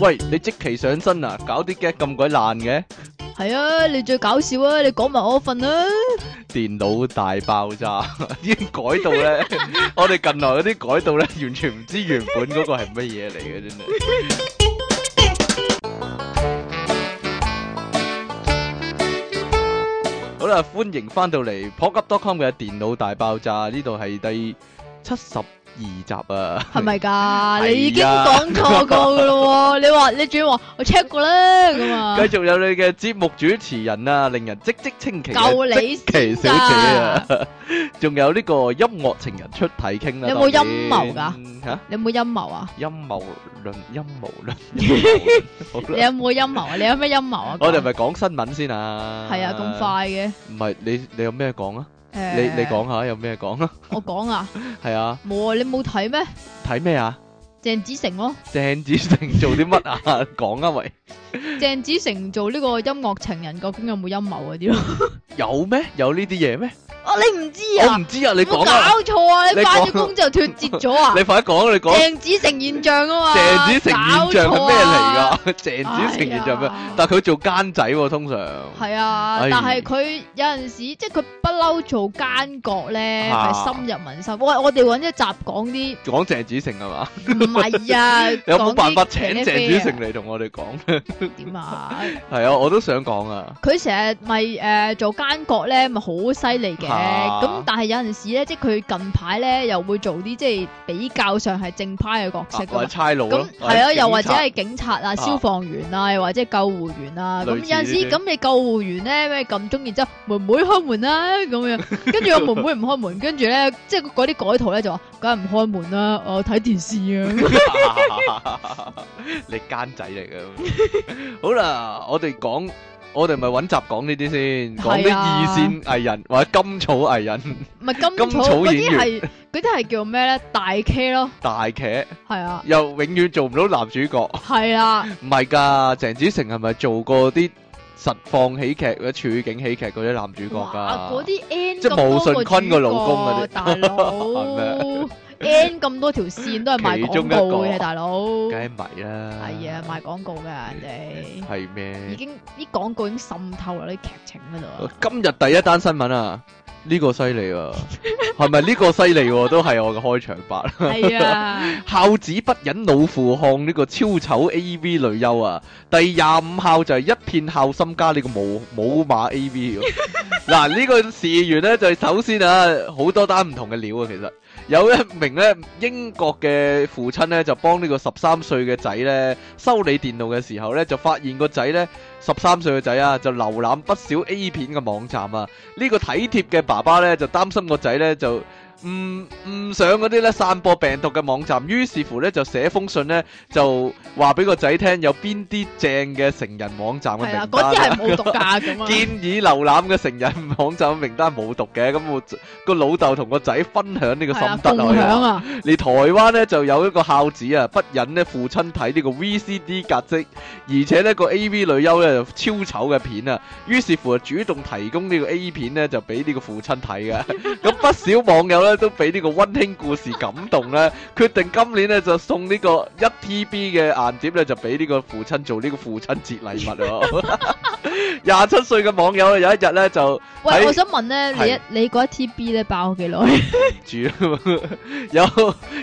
喂，你即期上身啊，搞啲 gag 咁鬼爛嘅。係啊，你最搞笑啊，你講埋我份啊！電腦大爆炸，已 經改到咧， 我哋近來嗰啲改到咧，完全唔知原本嗰個係乜嘢嚟嘅，真係。 好啦，歡迎翻到嚟 pocket.com 嘅電腦大爆炸，呢度係第七十。二集啊，係咪噶？你已經講錯過噶啦，你話你主要話我 check 過啦咁啊。繼續有你嘅節目主持人啊，令人嘖嘖稱奇。夠你小姐啊！仲有呢個音樂情人出體 king 啦。你有冇陰謀噶吓？你有冇陰謀啊？陰謀論，陰謀論，你有冇陰謀啊？你有咩陰謀啊？我哋咪講新聞先啊。係啊，咁快嘅。唔係你，你有咩講啊？你你講下有咩講啊？我講 對啊，啊，係啊，冇 啊樂，你冇睇咩？睇咩啊？鄭子誠咯，鄭子誠做啲乜啊？講 啊，喂。鄭子成做呢個音樂情人，究竟有冇陰謀嗰啲咯？有咩？有呢啲嘢咩？哦，你唔知啊？我唔知啊！你搞錯啊！你掛咗工之後脫節咗啊！你快啲講，你講鄭子成現象啊嘛？鄭子成現象係咩嚟噶？鄭子成現象咩？但佢做奸仔通常係啊，但係佢有陣時即係佢不嬲做奸角咧，係深入民心。我我哋搵一集講啲講鄭子成啊嘛？唔係啊！有冇辦法請鄭子成嚟同我哋講？點啊？係啊，我都想講啊。佢成日咪誒做奸角咧，咪好犀利嘅。咁但係有陣時咧，即係佢近排咧又會做啲即係比較上係正派嘅角色。係差佬咯，係啊，又或者係警察啊、消防員啊，又或者救護員啊。咁有陣時咁你救護員咧咩咁中意，即妹妹開門啦咁樣。跟住我妹妹唔開門，跟住咧即係嗰啲改圖咧就話梗係唔開門啦，我睇電視啊。你奸仔嚟噶？ 好啦，我哋講，我哋咪揾集講呢啲先，講啲、啊、二線藝人或者甘草藝人，唔係甘草嗰啲係嗰啲係叫咩咧？大 K 咯，大 K 劇係啊，又永遠做唔到男主角，係啊，唔係噶，鄭子誠係咪做過啲實況喜劇或者處境喜劇嗰啲男主角噶？嗰啲即係毛舜筠個老公嗰啲 大佬哥。 n 咁多條線都係賣廣告嘅大佬哥，梗係咪啦？係啊、哎，賣廣告噶人哋。係咩？已經啲廣告已經滲透喺啲劇情嗰度。今日第一單新聞啊，呢、呢個犀利啊，係咪呢個犀利、啊？ 都係我嘅開場白。係啊，孝子不忍老父看呢個超醜 A V 女優啊！第廿五孝就係一片孝心加呢個冇冇碼 A V。嗱呢、 呢個事完咧，就係、是、首先啊，好多單唔同嘅料啊，其實。有一名咧英國嘅父親咧，就幫個呢個十三歲嘅仔咧修理電腦嘅時候咧，就發現個仔咧。十三歲嘅仔啊，就瀏覽不少 A 片嘅網站啊！呢、呢個體貼嘅爸爸咧，就擔心個仔咧就唔唔上嗰啲咧散播病毒嘅網站，於是乎咧就寫封信呢，就話俾個仔聽有邊啲正嘅成人網站嘅名單啦。啊、 建議瀏覽嘅成人網站名單冇毒嘅，咁我個老豆同個仔分享呢個心得內你、啊啊啊、台灣呢，就有一個孝子啊，不忍呢父親睇呢個 VCD 格式，而且呢、呢個 AV 女優咧。超醜嘅片啊！於是乎主動提供呢個 A 片呢，就俾呢個父親睇嘅。咁 不少網友咧都俾呢個溫馨故事感動咧，決定今年呢，就送個呢個一 TB 嘅硬碟咧，就俾呢個父親做呢個父親節禮物。廿七歲嘅網友有一日呢，就，喂，我想問呢，是你，你一你嗰一 TB 咧爆幾耐住？有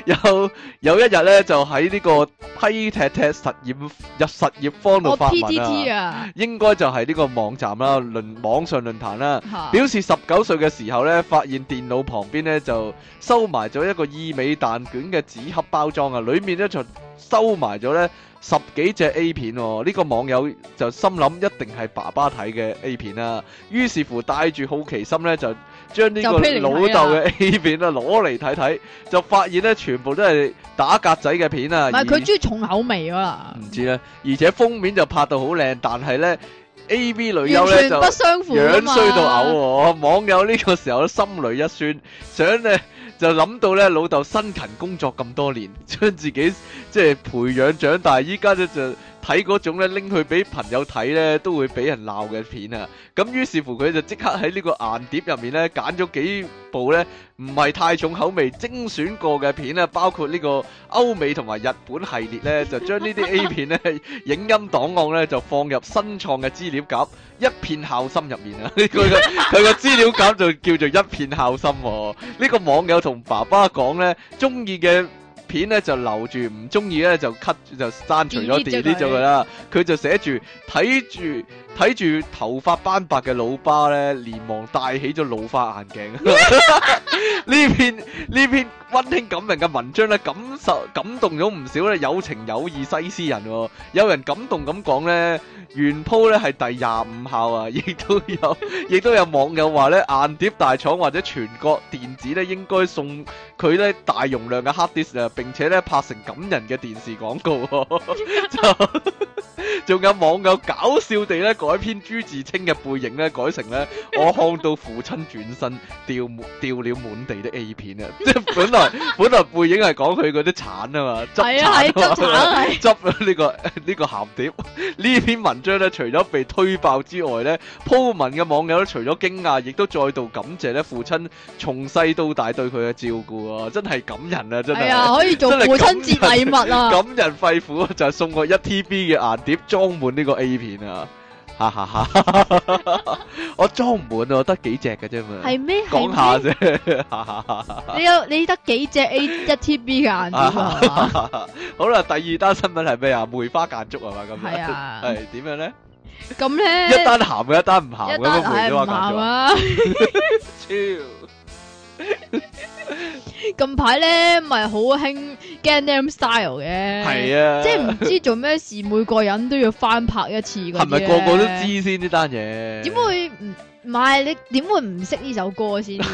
有有一日呢，就喺呢個批踢踢實驗入實驗方度發文啊。應該就係呢個網站啦，論網上論壇啦，表示十九歲嘅時候呢，發現電腦旁邊呢就收埋咗一個意美蛋卷嘅紙盒包裝啊，裏面呢就收埋咗呢十幾隻 A 片、啊，呢、呢個網友就心諗一定係爸爸睇嘅 A 片啦、啊，於是乎帶住好奇心呢就。將呢個老豆嘅 A 片啊攞嚟睇睇，就發現咧全部都係打格仔嘅片啊！唔係佢中意重口味啊啦，唔知啦。而且封面就拍到好靚，但係咧 AV 女優咧就不相符，樣衰到嘔。嘛網友呢個時候咧心裏一酸，想咧就諗到咧老豆辛勤工作咁多年，將自己即係培養長大，依家咧就。睇嗰種咧拎去俾朋友睇咧都會俾人鬧嘅片啊！咁於是乎佢就即刻喺呢個硬碟入面咧揀咗幾部咧唔係太重口味精選過嘅片啊，包括呢個歐美同埋日本系列咧，就將呢啲 A 片咧影音檔案咧就放入新創嘅資料夾一片孝心入面啊！佢個佢個資料夾就叫做一片孝心喎、啊。呢、呢個網友同爸爸講咧中意嘅。片咧就留住，唔中意咧就 cut 就刪除咗 delete 咗佢啦，佢就寫住睇住睇住頭髮斑白嘅老爸咧，連忙戴起咗老花眼鏡。呢片呢片。溫馨感人嘅文章咧，感受感動咗唔少咧，有情有義西施人，哦，有人感動咁講咧，原鋪咧係第廿五孝啊，亦都有，亦都有網友話咧，硬碟大廠或者全國電子咧，應該送佢咧大容量嘅 hard disk 啊，並且咧拍成感人嘅電視廣告，仲 有網友搞笑地咧改編朱自清嘅背影咧，改成咧，我看到父親轉身掉掉了滿地的 A 片啊，即係本 本來背影係講佢嗰啲鏟啊嘛，執鏟、啊，執呢個呢、呢個鹹、呢個、碟。呢 篇文章咧，除咗被推爆之外咧，鋪文嘅網友咧，除咗驚訝，亦都再度感謝咧父親從細到大對佢嘅照顧啊，真係感人啊！ 真係、哎，可以做父親節禮物啊感！感人肺腑就係送個一 T B 嘅鹹碟，裝滿呢個 A 片啊！哈哈哈！我裝唔滿啊，我得幾隻嘅啫嘛。係咩？講下啫。你有你得幾隻 ATB 噶？ 好啦，第二單新聞係咩啊？梅花間竹係嘛咁樣？係啊。係點 樣咧？咁咧 呢？一單鹹嘅，一單唔鹹嘅。梅花間竹啊！超。 近排咧咪好興 Gangnam Style 嘅，係啊，即係唔知做咩事， 每個人都要翻拍一次嘅。係咪個個都知先呢單嘢？點會唔？唔係你點會唔識呢首歌先？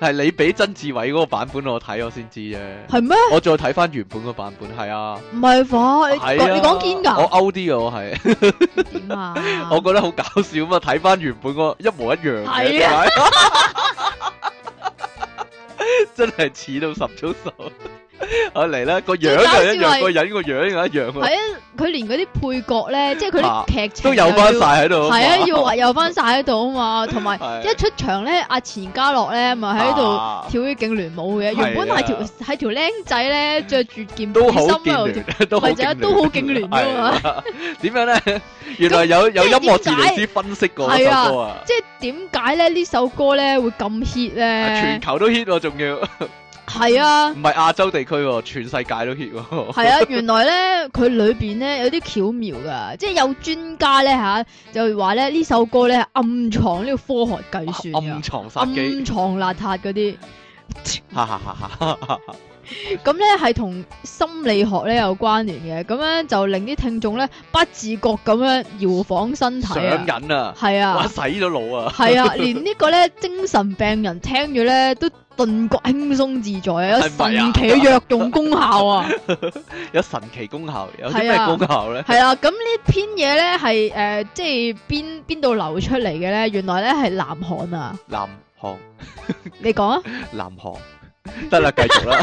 係你俾曾志偉嗰個版本我睇，我先知啫。係咩嗎？我再睇翻原本個版本，係啊，唔係火。你講堅噶，我歐啲我係。 點啊？我覺得好搞笑啊嘛！睇翻原本個一模一樣嘅，係啊，真係似到十足十。 阿嚟啦，個樣又一樣，個人個樣又一樣。係啊，佢連嗰啲配角咧，即係佢啲劇情都有翻晒喺度。係啊，要有翻晒喺度啊嘛。同埋一出場咧，阿錢嘉樂咧咪喺度跳啲勁聯舞嘅。原本係條係條僆仔咧着住件衫。都好勁，都好勁，都好勁聯啊嘛。點樣咧？原來有有音樂治療師分析過呢首歌啊。即係點解咧呢首歌咧會咁 hit 咧？全球都 hit 我，仲要。係啊，唔係亞洲地區喎，全世界都 hit 喎。係 啊，原來咧佢裏邊咧有啲巧妙噶，即係有專家咧吓、啊，就話咧呢首歌咧暗藏呢個科學計算，暗藏殺機、暗藏邋遢嗰啲。哈哈哈！咁咧係同心理學咧有關聯嘅，咁樣就令啲聽眾咧不自覺咁樣搖晃身體啊，上癮啊，係啊，洗咗腦啊，係 啊，連個呢個咧精神病人聽住咧都。頓覺輕鬆自在啊！有神奇嘅藥用功效啊！ 有神奇功效，有啲咩功效咧？係啊，咁、啊、呢篇嘢咧係誒，即係邊邊度流出嚟嘅咧？原來咧係南韓啊！南韓， 你講啊！南韓韓，得 啦，繼續啦！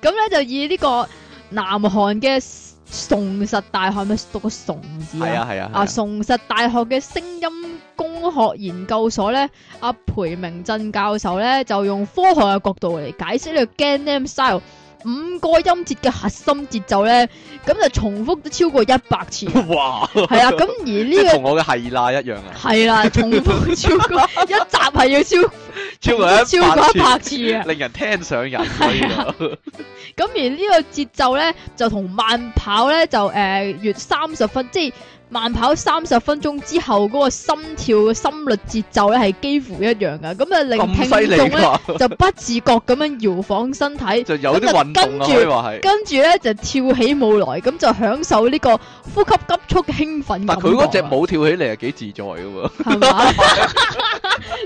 咁 咧 就以呢個南韓嘅。崇實大學咪讀個崇字啊？係啊係啊，啊崇、啊啊、實大學嘅聲音工學研究所咧，阿、啊、裴明振教授咧就用科學嘅角度嚟解釋呢個 Gangnam Style。五個音節嘅核心節奏咧，咁就重複都超過一百次。哇！係啊，咁而呢、這個同 我嘅係啦一樣啊。係啦、啊，重複超過 一集係要超超過一百次啊！ 令人聽上癮。係 啊，咁 而個節呢個節奏咧就同慢跑咧就誒、呃、越三十分即係。慢跑三十分鐘之後嗰個心跳嘅心率節奏咧係幾乎一樣噶，咁啊令聽眾咧就不自覺咁樣搖晃身體，就有啲運動啊，可以話係。跟住咧就跳起舞來，咁就享受呢個呼吸急促嘅興奮感覺。但係佢嗰隻舞跳起嚟係幾自在嘅喎。係嘛？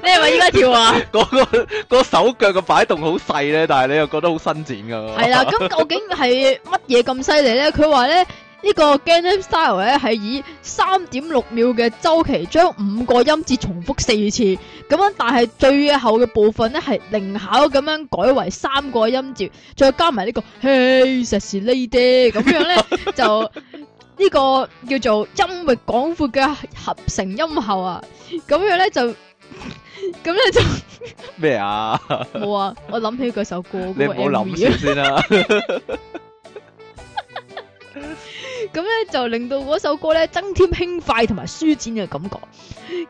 你係咪應該跳啊？嗰個嗰手腳嘅擺動好細咧，但係你又覺得好伸展噶。係啦，咁究竟係乜嘢咁犀利咧？佢話咧。呢個 Gangnam Style 咧，係以三點六秒嘅周期，將五個音節重複四次，咁樣，但係最後嘅部分咧，係靈巧咁樣改為三個音節，再加埋、這個 hey, 呢、 這個 Hey，sexy lady，咁樣咧就呢個叫做音域廣闊嘅合成音效啊，咁樣咧就咁咧 就咩 啊？冇啊，我諗起嗰首歌，你唔好諗住先啦、啊。 咁咧就令到嗰首歌咧增添輕快同埋舒展嘅感覺，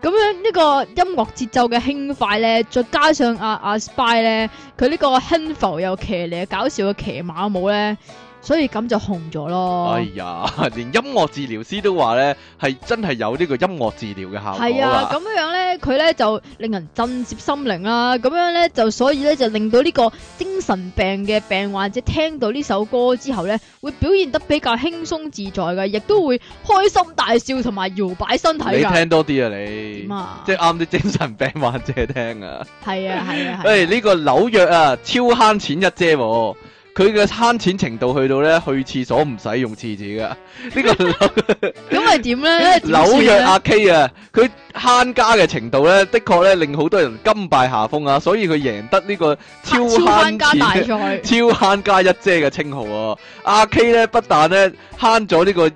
咁樣呢個音樂節奏嘅輕快咧，再加上阿阿 PSY 咧，佢、啊、呢個輕浮又騎呢搞笑嘅騎馬舞咧。所以咁就紅咗咯。哎呀，連音樂治療師都話咧，係真係有呢個音樂治療嘅效果。係啊，咁樣咧，佢咧就令人震懾心靈啦。咁樣咧就所以咧就令到呢個精神病嘅病患者聽到呢首歌之後咧，會表現得比較輕鬆自在嘅，亦都會開心大笑同埋搖擺身體。你聽多啲啊你，啊即係啱啲精神病患者聽啊。係啊係啊係。誒、啊，呢、啊啊、 個紐約啊，超慳錢一姐、哦。佢嘅慳錢程度去到咧，去廁所唔使用，用廁紙嘅，呢、這個咁係點咧？紐約阿 K 啊，佢。慳家嘅程度咧，的確咧令好多人甘拜下風啊！所以佢贏得呢個超慳錢、啊、超慳家大賽、超慳家一姐嘅稱號啊！阿、啊、K 咧不但咧慳咗呢、這個誒，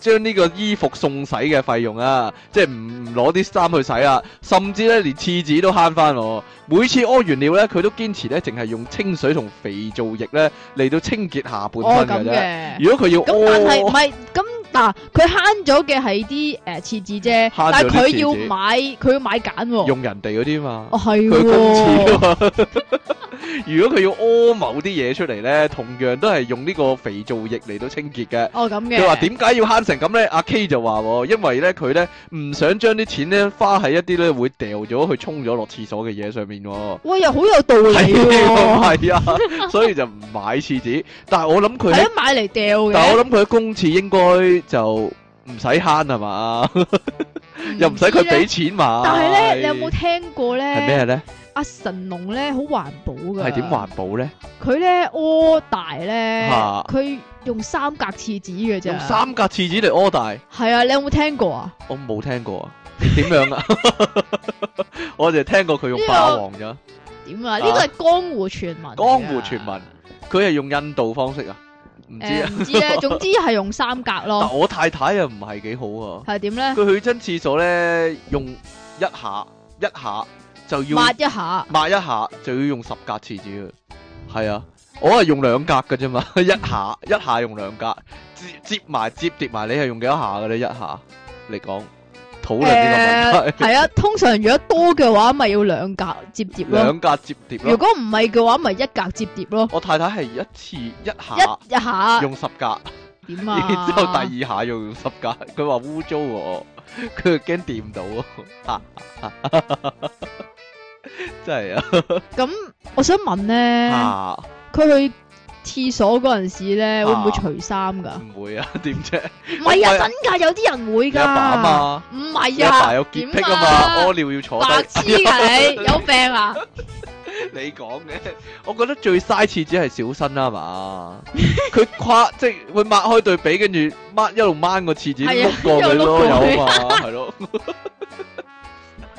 將、呃、呢個衣服送洗嘅費用啊，即係唔攞啲衫去洗啊，甚至咧連廁紙都慳翻哦！每次屙完尿咧，佢都堅持咧淨係用清水同肥皂液咧嚟到清潔下半身嘅啫。哦、如果佢要咁，哦、但係唔係咁。哦嗱，佢慳咗嘅係啲誒廁紙啫，但係佢要買，佢要買梘喎，用人哋嗰啲嘛，哦係喎，佢公廁喎。如果佢要屙某啲嘢出嚟咧，同樣都係用呢個肥皂液嚟到清潔嘅。哦咁嘅。佢話點解要慳成咁咧？阿 K 就話喎，因為咧佢咧唔想將啲錢咧花喺一啲咧會掉咗去沖咗落廁所嘅嘢上面喎。喂，又好有道理喎，係啊，所以就唔買廁紙。但係我諗佢係買嚟掉嘅。但係我諗佢公廁應該。就唔使慳係嘛， 又唔使佢俾錢嘛。但係咧，哎、你有冇聽過咧？係咩咧？阿、啊、神龍咧好環保㗎。係點環保咧？佢咧屙大咧，佢、啊、用三格廁紙嘅啫。用三格廁紙嚟屙大。係啊，你有冇聽過啊？我冇聽過啊。點 樣啊？ 我就聽過佢用霸王咗。點、這個、啊？呢個係江湖傳聞。江湖傳聞，佢係用印度方式啊？唔知啊、呃，唔知 總之係用三格咯。但我太太又唔係幾好啊。係點咧？佢去親廁所咧，用一下一下就要抹一下，抹一下就要用十格廁紙。係啊，我係用兩格嘅啫嘛，一下 一下用兩格，接接埋接跌埋，你係用幾多下噶咧？一下嚟講。你呢誒，係、嗯、啊，通常如果多嘅話，咪要兩格折疊咯。兩格折疊如果唔係嘅話，咪一格折疊咯。疊咯，我太太係一次一下一下用十格，點啊？然之後第二下又用十格，佢話污糟喎，佢又驚掂到啊！ 真係的啊！ 咁我想問咧，佢 去。廁所嗰陣時咧，會唔會除衫噶？唔會啊，點啫？唔係啊，真噶有啲人會噶。阿爸嘛，唔係啊，阿爸有潔癖啊嘛，屙尿要坐低，痴線㗎你有病啊？你講嘅，我覺得最嘥廁紙係小新啦嘛。佢跨即係會抹開對比，跟住抹一路掹個廁紙碌過佢咯，有嘛係咯？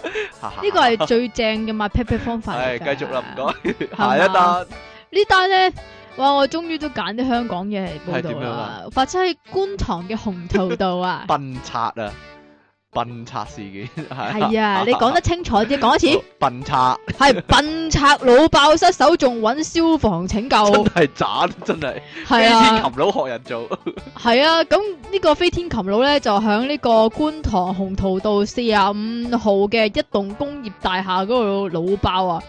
呢個係最正嘅嘛撇撇方法。係繼續啦，唔該，下一單呢單咧。哇！我終於都揀啲香港嘢嚟報道啦，啊、發生喺觀塘嘅鴻圖道啊！ 笨賊啊，笨賊事件係 啊！ 你講得清楚啲，講一次。 笨賊刷係 笨賊，老爆失手仲揾消防拯救， 真係渣，真係飛、啊、天蠄蟧學人做。係 啊，咁呢個飛天蠄蟧咧就喺呢個觀塘鴻圖道四十五號嘅一棟工業大廈嗰個老爆啊！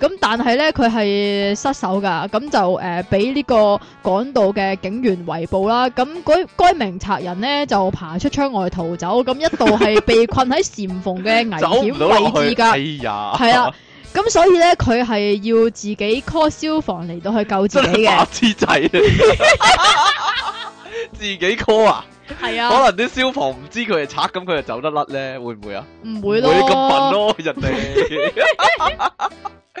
咁但係咧，佢係失手噶，咁、嗯、就誒俾呢個港島嘅警員圍捕啦。咁嗰該名賊人咧就爬出窗外逃走，咁、嗯、一度係被困喺禪縫嘅危險位置噶，係啊。咁、哎嗯嗯嗯嗯、所以咧，佢係要自己 call 消防嚟到去救自己嘅。自掛仔， 自己 call 啊？係啊。可能啲消防唔知佢係賊，咁佢就走得甩咧，會唔會啊？唔會咯，咁笨咯，人哋。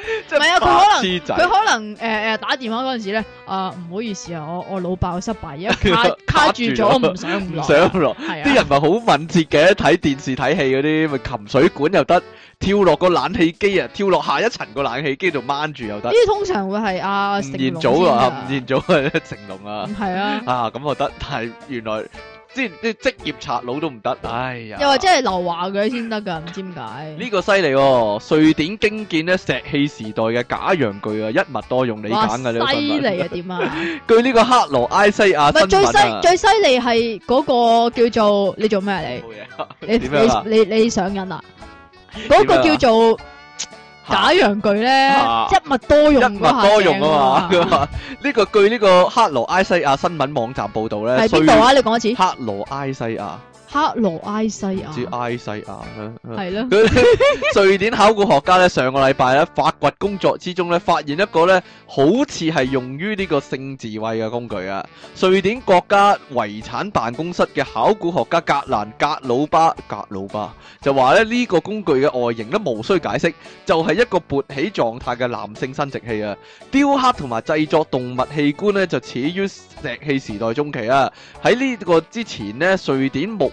唔係啊，佢可能佢可能誒誒打電話嗰陣時咧，啊唔好意思啊，我我老爆我失敗，卡卡住咗唔上唔上落，啲人咪好敏捷嘅，睇電視睇戲嗰啲咪擒水管又得，跳落個冷氣機啊，跳落下一層個冷氣機度掹住又得。呢啲通常會係阿成龍。吳彥祖啊，吳彥祖啊，成龍啊，係啊，啊咁又得，但係原來。即係即係職業賊佬都唔得。哎呀！又話即係流華佢先得噶，唔知點解？呢個犀利哦！瑞典精建咧石器時代嘅假陽具啊，一物多用你揀噶呢個品啊！犀利啊，點啊？據呢個克羅埃西亞新品啊！唔係最犀最犀利係嗰個叫做你做咩啊？你你你你上癮啦？嗰個叫做。假陽具咧一物多用，啊，一物多用啊嘛！呢、 呢個據呢、呢個克羅埃西亞新聞網站報道咧，係邊度啊？以你講一次。克羅埃西亞。克羅埃西亞，至埃西亞係 瑞典考古學家咧上個禮拜咧發掘工作之中咧發現一個咧好似係用於呢個性自慰嘅工具啊！瑞典國家遺產辦公室嘅考古學家格蘭格魯巴格魯巴就話咧呢，這個工具嘅外形都無需解釋，就係、是、一個勃起狀態嘅男性生殖器啊！雕刻同埋製作動物器官咧就始於石器時代中期啊！喺呢個之前咧瑞典木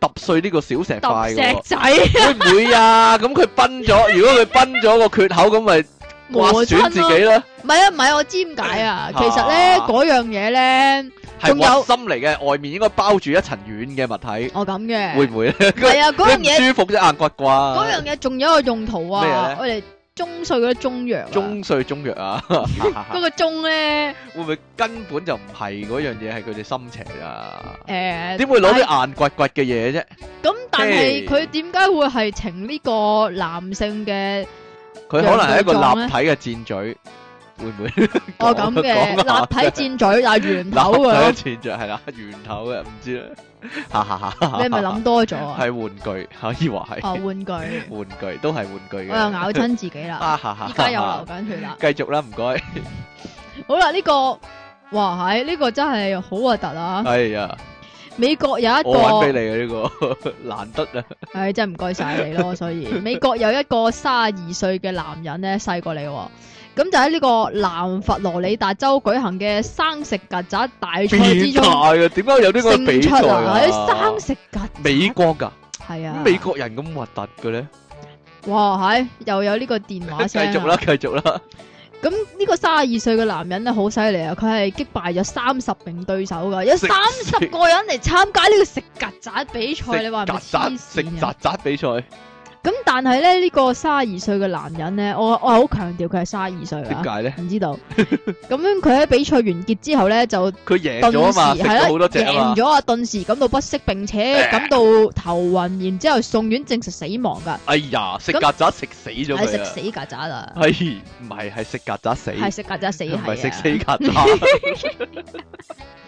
揼碎呢個小石塊石仔，會唔會啊？咁佢崩咗，如果佢崩咗個缺口咁咪劃損自己咧？唔係啊，唔係我知點解啊？其實咧，嗰樣嘢咧，係有心嚟嘅，外面應該包住一層軟嘅物體。哦咁嘅，會唔會咧？係啊，嗰樣嘢舒服啫，硬骨啩。嗰樣嘢仲有一個用途啊！咩啊？我哋。中碎嗰啲中藥，中碎中藥啊！嗰 個中咧，會唔會根本就唔係嗰樣嘢，係佢哋心情啊？誒、uh,，點是 Hey. 會攞啲硬掘掘嘅嘢啫？咁但係佢點解會係呈呢個男性嘅？佢可能係一個立體嘅箭嘴，會唔會 講？哦，咁嘅立體箭嘴，但係圓頭嘅、啊、立體箭嘴係啦，圓頭嘅唔知啦。哈哈哈！ 你係咪諗多咗啊？係玩具可以話係玩具， 玩具都係玩具嘅。我又咬親自己啦，而家 又流緊血啦。繼 續啦，唔該。好啦，呢、這個哇係呢、這個真係好核突啊！係啊、哎呀，美國有一個我揾俾你嘅呢、這個 難得啊！唉， 真係唔該晒你咯，所以 美國有一個卅二歲嘅男人咧，細過你喎。咁就喺呢個南佛羅里達州舉行嘅生食曱甴大賽之中，變態啊！點解有呢個比賽啊？喺生食曱甴，美國噶，係啊，美國人咁核突嘅咧？哇，係又有呢個電話聲，繼續啦，繼續啦。咁呢個三十二歲嘅男人咧，好犀利啊！佢係擊敗咗三十名對手噶，有三十個人嚟參加呢個食曱甴比賽，你話唔真實啊？食曱甴比賽。咁但係咧呢、呢個三十二歲嘅男人咧，我我係好強調佢係三十二歲啊。點解咧？唔知道。咁樣佢喺比賽完結之後咧，就佢贏咗啊嘛，食咗好多隻啊。贏咗啊，頓時感到不適，並且感到頭暈，然之後送院證實死亡噶。哎呀，食曱甴食死咗噶。食那、嗯、死曱甴啦。係唔係？係食曱甴死。係食曱甴死。唔係食死曱甴。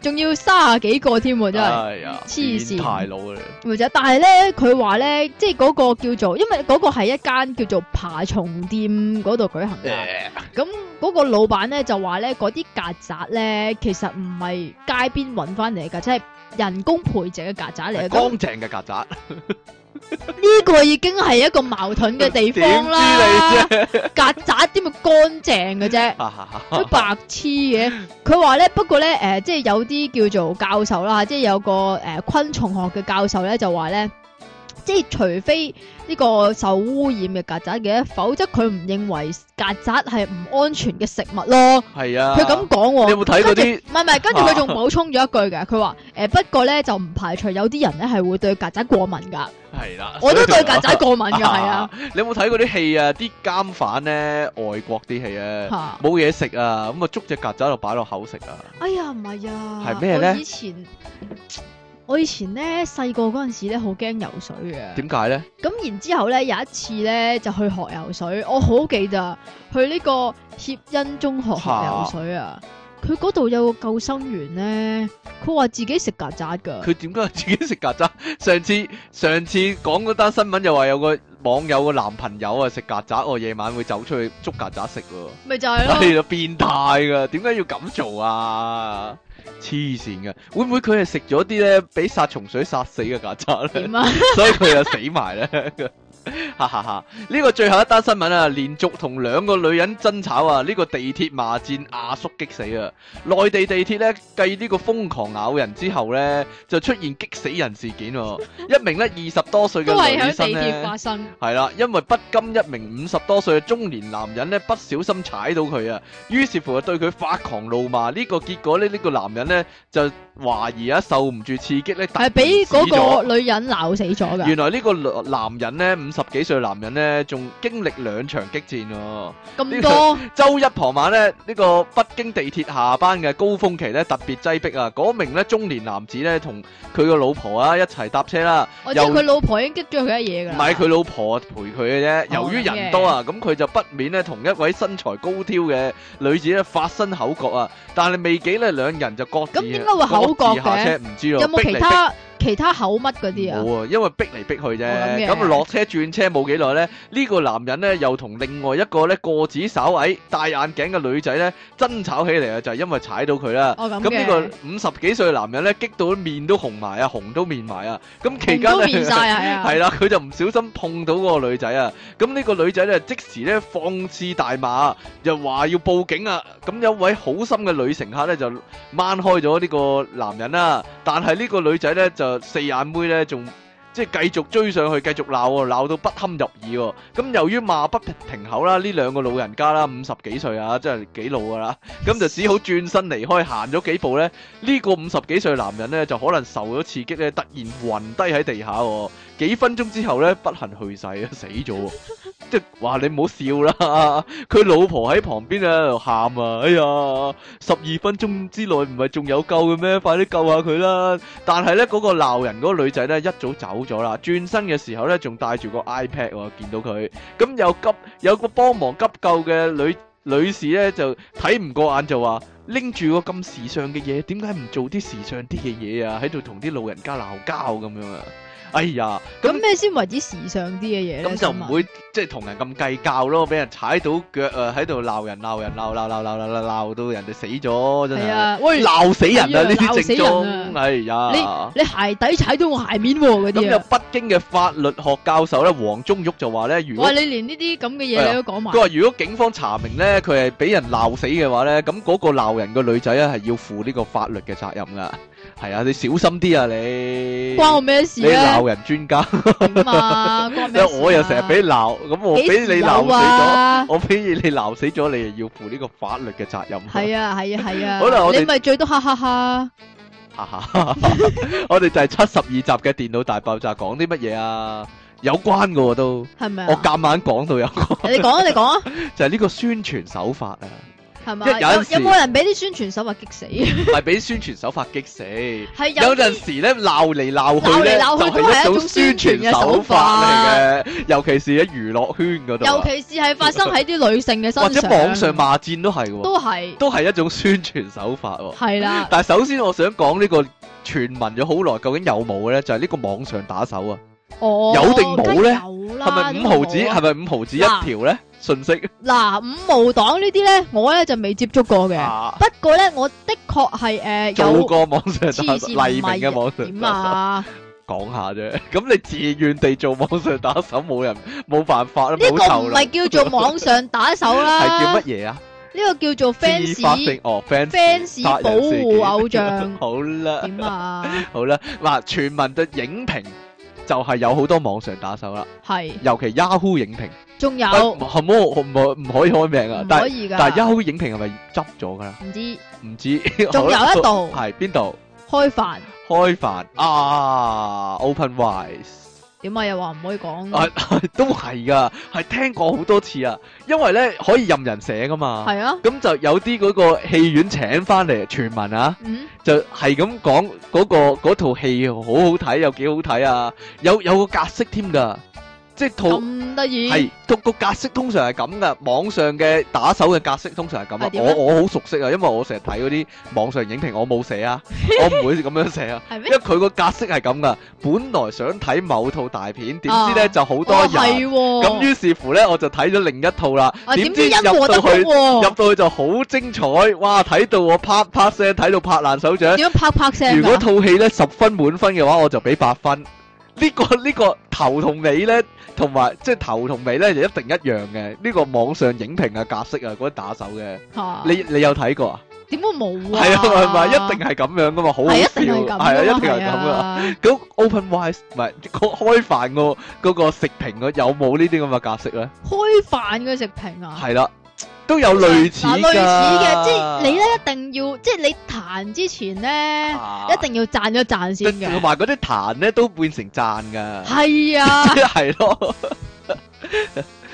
仲要卅幾個添、啊，真係黐線大佬啦！或者、哎呀，但係咧，佢話咧，即係嗰個叫做，因為嗰個係一間叫做爬蟲店嗰度舉行嘅。咁嗰 Yeah. 個老闆咧就話咧，嗰啲曱甴咧，其實唔係街邊揾翻嚟噶，即係人工培植嘅曱甴嚟嘅，乾淨嘅曱甴。 呢 個已經係一個矛盾嘅地方啦，曱甴點會乾淨嘅啫？白痴嘅。佢話咧，不過咧，誒、呃，即係有啲叫做教授啦，即係有個誒、呃、昆蟲學嘅教授咧，就話咧。即係除非呢個受污染嘅曱甴嘅，否則佢唔認為曱甴係唔安全嘅食物咯。係啊，佢咁講喎。你有冇睇嗰啲？唔係唔係，跟住佢仲補充咗一句嘅，佢話誒，不過咧就唔排除有啲人咧係會對曱甴過敏噶。係啦、啊，我都對曱甴過敏噶，係啊。啊你有冇睇過啲戲啊？啲監犯咧，外國啲戲啊，冇嘢食啊，咁啊捉隻曱甴喺度擺落口食啊。啊哎呀，唔係啊，係咩咧？我以前咧細個嗰陣時咧，好驚游水嘅。點解咧？咁然之後咧，有一次咧就去學游水，我好記得去呢個協恩中學學游水啊。佢嗰度有個救生員咧，佢話自己食曱甴㗎。佢點解自己食曱甴？上次上次講嗰單新聞又話有個網友個男朋友啊食曱甴，夜晚會走出去捉曱甴食喎，咪就係咯，係咯、啊、變態噶，點解要咁做啊？黐線噶，會唔會佢係食咗啲咧俾殺蟲水殺死嘅曱甴咧？樣啊、 所以佢就死埋咧。 哈哈哈！呢 個最後一單新聞啊，連續同兩個女人爭吵啊，呢、這個地鐵罵戰阿叔激死啊！內地地鐵咧，繼呢個瘋狂咬人之後呢，就出現激死人事件、啊。 一名呢二十多歲嘅女仔係啦，因為不甘一名五十多歲嘅中年男人呢不小心踩到佢啊，於是乎就對佢發狂怒罵。呢、這個結果呢，呢、這個男人呢就。懷疑啊，受唔住刺激咧，係俾嗰個女人鬧死咗㗎。原來呢個男人呢五十幾歲男人呢仲經歷兩場激戰喎。咁多周一傍晚咧，呢、呢個北京地鐵下班嘅高峰期呢特別擠迫啊！嗰名呢中年男子呢同佢個老婆啊一齊搭車啦。我知佢、哦、由老婆已經激咗佢一嘢㗎。唔係佢老婆陪佢嘅啫。由於人多啊，咁佢、哦嗯、就不免呢同一位身材高挑嘅女子呢發生口角啊！但係未幾呢，兩人就各自啊。好焗啊，有冇沒其他？其他口乜嗰啲啊？冇啊，因為逼嚟,逼去啫。咁啊落車轉車冇幾耐咧，呢個男人咧又同另外一個咧個子稍矮，戴眼鏡嘅女仔咧爭吵起嚟啊！就係因為踩到佢啦。哦，咁嘅？咁呢個五十幾歲嘅男人咧，激到面都紅埋啊，紅都面埋啊。咁期間咧，係啦，佢 就唔小心碰到個女仔啊。咁呢個女仔咧即時咧放肆大罵，又話要報警啊。咁有位好心嘅女乘客咧就掹開咗呢個男人啦。但係呢個女仔咧就。四眼妹咧，仲即係繼續追上去，繼續鬧喎，鬧到不堪入耳喎。咁由於罵不停口啦，呢兩個老人家啦，五十幾歲啊，真係幾老噶啦。咁就只好轉身離開，行咗幾步咧，呢個五十幾歲男人咧就可能受咗刺激咧，突然暈低喺地下。幾分鐘之後咧，不幸去世啊，死咗。即係話你唔好笑啦，佢老婆喺旁邊啊，喺度喊啊，哎呀！十二分鐘之內唔係仲有救嘅咩？快啲救下佢啦！但係咧，嗰個鬧人嗰個女仔咧一早走咗啦，轉身嘅時候咧仲帶住個 iPad 喎，見到佢咁有急，有個幫忙急救嘅女女士咧就睇唔過眼就話：拎住個咁時尚嘅嘢，點解唔做啲時尚啲嘅嘢啊？喺度同啲老人家鬧交咁樣啊！哎呀，咁咩先為之時尚啲嘅嘢咧？咁就唔會即係同人咁計較咯，俾人踩到腳啊，喺度鬧人鬧人鬧鬧鬧鬧鬧鬧到人哋死咗真係，喂鬧死人啊呢啲集中，係、哎、呀。你你鞋底踩到我鞋面喎，啊，咁樣，嗯。咁，嗯，就，嗯嗯嗯、北京嘅法律學教授咧，黃忠玉就話咧，哇，你連呢啲咁嘅嘢你都講埋。佢話如果警方查明咧，佢係俾人鬧死嘅話咧，咁，那，嗰個鬧人嘅女仔咧係要負呢個法律嘅責任噶。係啊，你小心啲啊！你關我咩事？啊、你鬧人專家嘛？我又成日俾你鬧，咁我俾你鬧死咗，我俾你鬧死咗，你又要負呢個法律嘅責任。係啊係啊係啊！你咪最多哈哈哈，哈哈！我哋就係七十二集嘅電腦大爆炸，講啲乜嘢啊？ 有關嘅都係咪？是是啊，我夾硬講到有關，你講啊！你講啊！ 就係呢個宣傳手法啊！有有冇人俾啲宣傳手法激死？係俾宣傳手法激死。係有陣時咧鬧嚟鬧去咧，就係一種宣傳手法嚟嘅。尤其是喺娛樂圈嗰度，尤其是係發生喺啲女性嘅身上，或者網上罵戰都係喎，都係都係一種宣傳手法喎。係啦。但係首先我想講呢個傳聞咗好耐，究竟有冇咧？就係呢個網上打手啊，哦，有定冇咧？係咪五毫子？係咪五毫子一條咧？信息嗱，五毛黨呢啲咧，我咧就未接觸過嘅。不過咧，我的確係誒有做過網上打手，唔係點啊？講下啫。咁你自願地做網上打手，冇人冇辦法啦。呢個唔係叫做網上打手啦，係叫乜嘢啊？呢個叫做 fans，哦，fans 保護偶像。好啦，點啊？好啦，嗱，全民嘅影評。就係有好多網上打手啦，係尤其 Yahoo 影評，仲有冇唔可唔可以開名啊？可以噶，但係 Yahoo 影評係咪執咗噶啦？唔知唔知，仲有一度係邊度？開飯開飯啊，Open Rice。點啊，又話唔可以講？啊，都係噶，係聽過好多次啊，因為呢可以任人寫噶嘛，係啊，咁就有啲嗰個戲院請翻嚟傳聞啊，嗯、就係咁講嗰個套戲好好睇，有幾好睇啊，有有個格式添噶。即係套，係個格式通常係咁噶，網上嘅打手嘅格式通常係咁啊。我我好熟悉啊，因為我成日睇嗰啲網上影評，我冇寫啊，我唔會咁樣寫啊。因為佢個格式係咁噶。本來想睇某套大片，點知呢就好多人，咁於是乎呢我就睇咗另一套啦。點知入到去，入到去就好精彩。哇！睇到我啪啪聲，睇到拍爛手掌。點樣啪啪聲？如果套戲呢十分滿分嘅話，我就俾八分。這個這個、呢個呢個頭同尾咧，同埋即係頭同尾咧，就一定一樣嘅。呢、這個網上影評哈啊、格式啊嗰啲打手嘅，你你有睇過啊？點會冇啊？係啊，係咪？一定係咁樣噶嘛，好好笑。係啊，一定係咁的、那個、啊。咁 OpenRice 唔係個開飯個嗰個食評啊，有冇呢啲咁嘅格式咧？開飯嘅食評啊？係啦。都有類似噶，類似嘅，即係你咧一定要，即係你彈之前咧，一定要讚咗讚先嘅，同埋嗰啲彈咧都變成讚噶，係啊，即係係咯，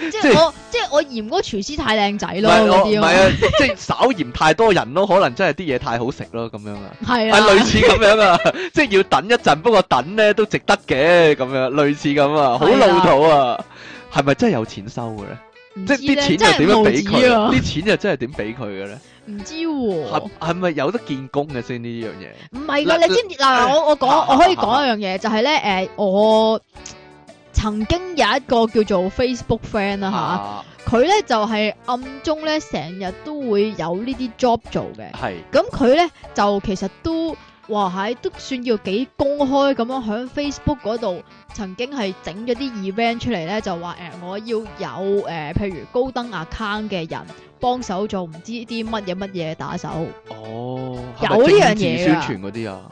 即係我即係我嫌嗰個廚師太靚仔咯，唔係啊，即係稍嫌太多人咯，可能真係啲嘢太好食咯，咁樣啊，係啊，類似咁樣啊，即係要等一陣，不過等咧都值得嘅，咁樣類似咁啊，好老土啊，係咪真係有錢收嘅咧？即係啲錢又點樣俾佢？啲錢又真係點俾佢嘅咧？唔知係係咪有得見工嘅先呢樣嘢？唔係啦，你知唔知嗱？我我講，我可以講一樣嘢，就係咧誒，我曾經有一個叫做 Facebook friend 啦吓，佢咧就係暗中咧成日都會有呢啲 job 做嘅。係咁佢咧就其實都話喺都算叫幾公開咁樣喺 Facebook 嗰度。曾經係整咗啲 event 出嚟咧，就話誒、呃，我要有誒、呃，譬如高登 account 嘅人幫手做唔知啲乜嘢乜嘢打手。哦，係係有呢樣嘢宣傳啲啊。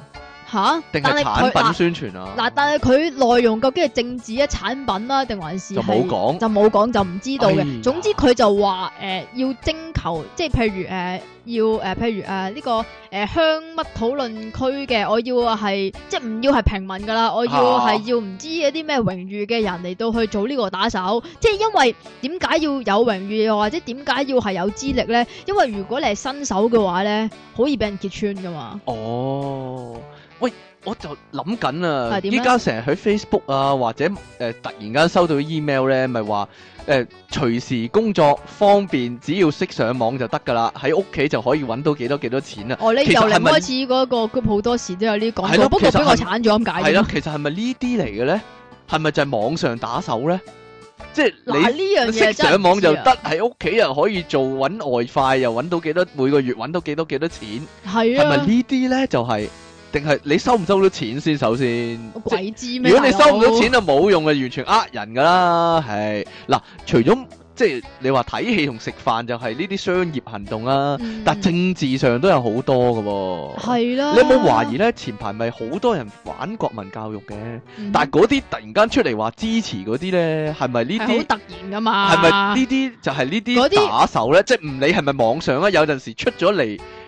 嚇？但係佢宣傳啊嗱，但係佢內容究竟係政治啊、產品啊，定還是，是就冇講就冇講就唔知道嘅。哎、呀總之佢就話誒、呃、要徵求，即係譬如誒、呃、要誒譬如誒呢、呃這個誒香乜討論區嘅，我要係即係唔要係平民噶啦，啊、我要係要唔知一啲咩榮譽嘅人嚟到去做呢個打手，即係因為點解要有榮譽，又或者點解要係有資歷咧？因為如果你係新手嘅話咧，好易俾人揭穿噶嘛。哦。喂，我就諗緊啊！依家成日喺 Facebook 啊，或者誒突然間收到 email 咧，咪話誒隨時工作方便，只要識上網就得㗎啦，喺屋企就可以揾到幾多幾多錢啦。哦，呢由零開始嗰個 group 好多時都有呢啲講到，不過比較慘咗咁解。係啦，其實係咪呢啲嚟嘅咧？係咪就係網上打手咧？即係你呢樣嘢識上網就得，喺屋企又可以做揾外快，又揾到幾多每個月揾到幾多幾多錢？係啊，係咪呢啲咧就係？定係你收唔收到錢先？首先，鬼知咩即如果你收唔到錢就冇用嘅， 完全呃人噶啦。係嗱，除咗即係你話睇戲同食飯就係呢啲商業行動啦，啊，嗯、但政治上都有好多嘅喎，啊。係啦，你有冇懷疑呢？前排咪好多人反國民教育嘅，嗯、但係嗰啲突然間出嚟話支持嗰啲呢？係咪呢啲？好突然㗎嘛！係咪呢啲就係呢啲打手呢？些即係唔理係咪網上啊？有陣時出咗嚟。